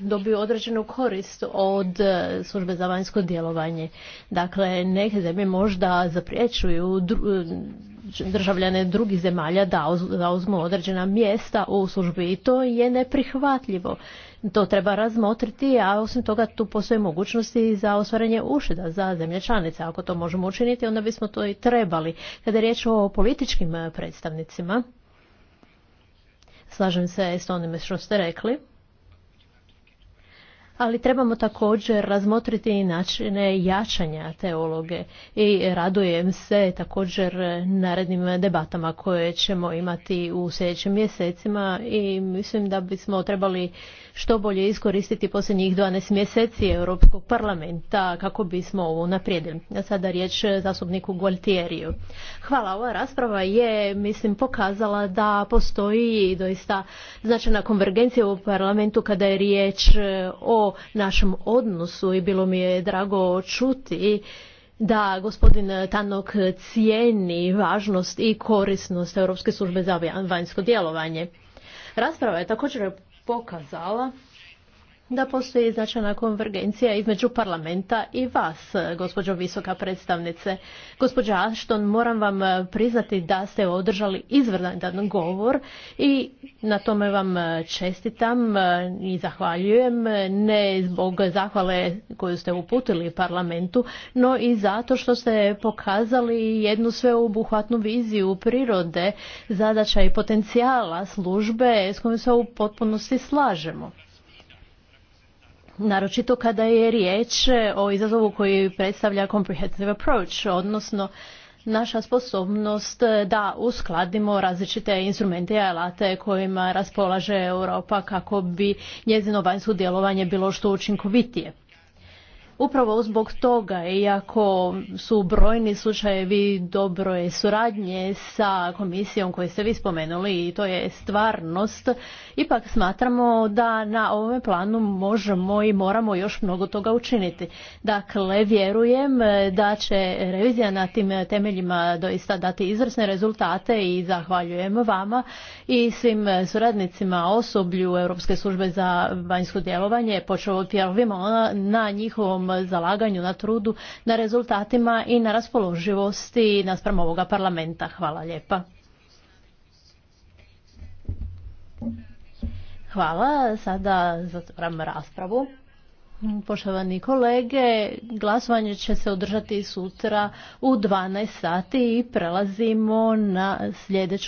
S5: dobiju određenu korist od e, službe za vanjsko djelovanje. Dakle, neke zemlje možda zapriječuju e, državljane drugih zemalja da uzmu određena mjesta u službi i to je neprihvatljivo. To treba razmotriti, a osim toga tu postoje mogućnosti za ostvarenje ušeda za zemlje članice. Ako to možemo učiniti, onda bismo to i trebali. Kada je riječ o političkim e, predstavnicima, Slažem se s onime što ste rekli. Ali trebamo također razmotriti i načine jačanja teologe i radujem se također narednim debatama koje ćemo imati u sljedećim mjesecima i mislim da bismo trebali što bolje iskoristiti posljednjih 12 mjeseci Europskog parlamenta kako bismo ovo naprijedili. sada riječ zastupniku Gualtieriju. Hvala, ova rasprava je, mislim, pokazala da postoji doista značajna konvergencija u parlamentu kada je riječ e, o našem odnosu i bilo mi je drago čuti da gospodin Tanok cijeni važnost i korisnost Europske službe za vanjsko djelovanje. Rasprava je također pokazala da postoji značajna konvergencija između parlamenta i vas, gospođo visoka predstavnice. Gospođa Ashton, moram vam priznati da ste održali izvrdan govor i na tome vam čestitam i zahvaljujem, ne zbog zahvale koju ste uputili parlamentu, no i zato što ste pokazali jednu sveobuhvatnu viziju prirode, zadaća i potencijala službe s kojom se u potpunosti slažemo naročito kada je riječ o izazovu koji predstavlja comprehensive approach, odnosno naša sposobnost da uskladimo različite instrumente i alate kojima raspolaže Europa kako bi njezino vanjsko djelovanje bilo što učinkovitije. Upravo zbog toga, iako su brojni slučajevi dobroje suradnje sa komisijom koju ste vi spomenuli i to je stvarnost, ipak smatramo da na ovome planu možemo i moramo još mnogo toga učiniti. Dakle, vjerujem da će revizija na tim temeljima doista dati izvrsne rezultate i zahvaljujem vama i svim suradnicima osoblju Europske službe za vanjsko djelovanje, počeo od na njihovom zalaganju, na trudu, na rezultatima i na raspoloživosti naspram ovoga parlamenta. Hvala lijepa. Hvala. Sada zatvaram raspravu. Poštovani kolege, glasovanje će se održati sutra u 12 sati i prelazimo na sljedeću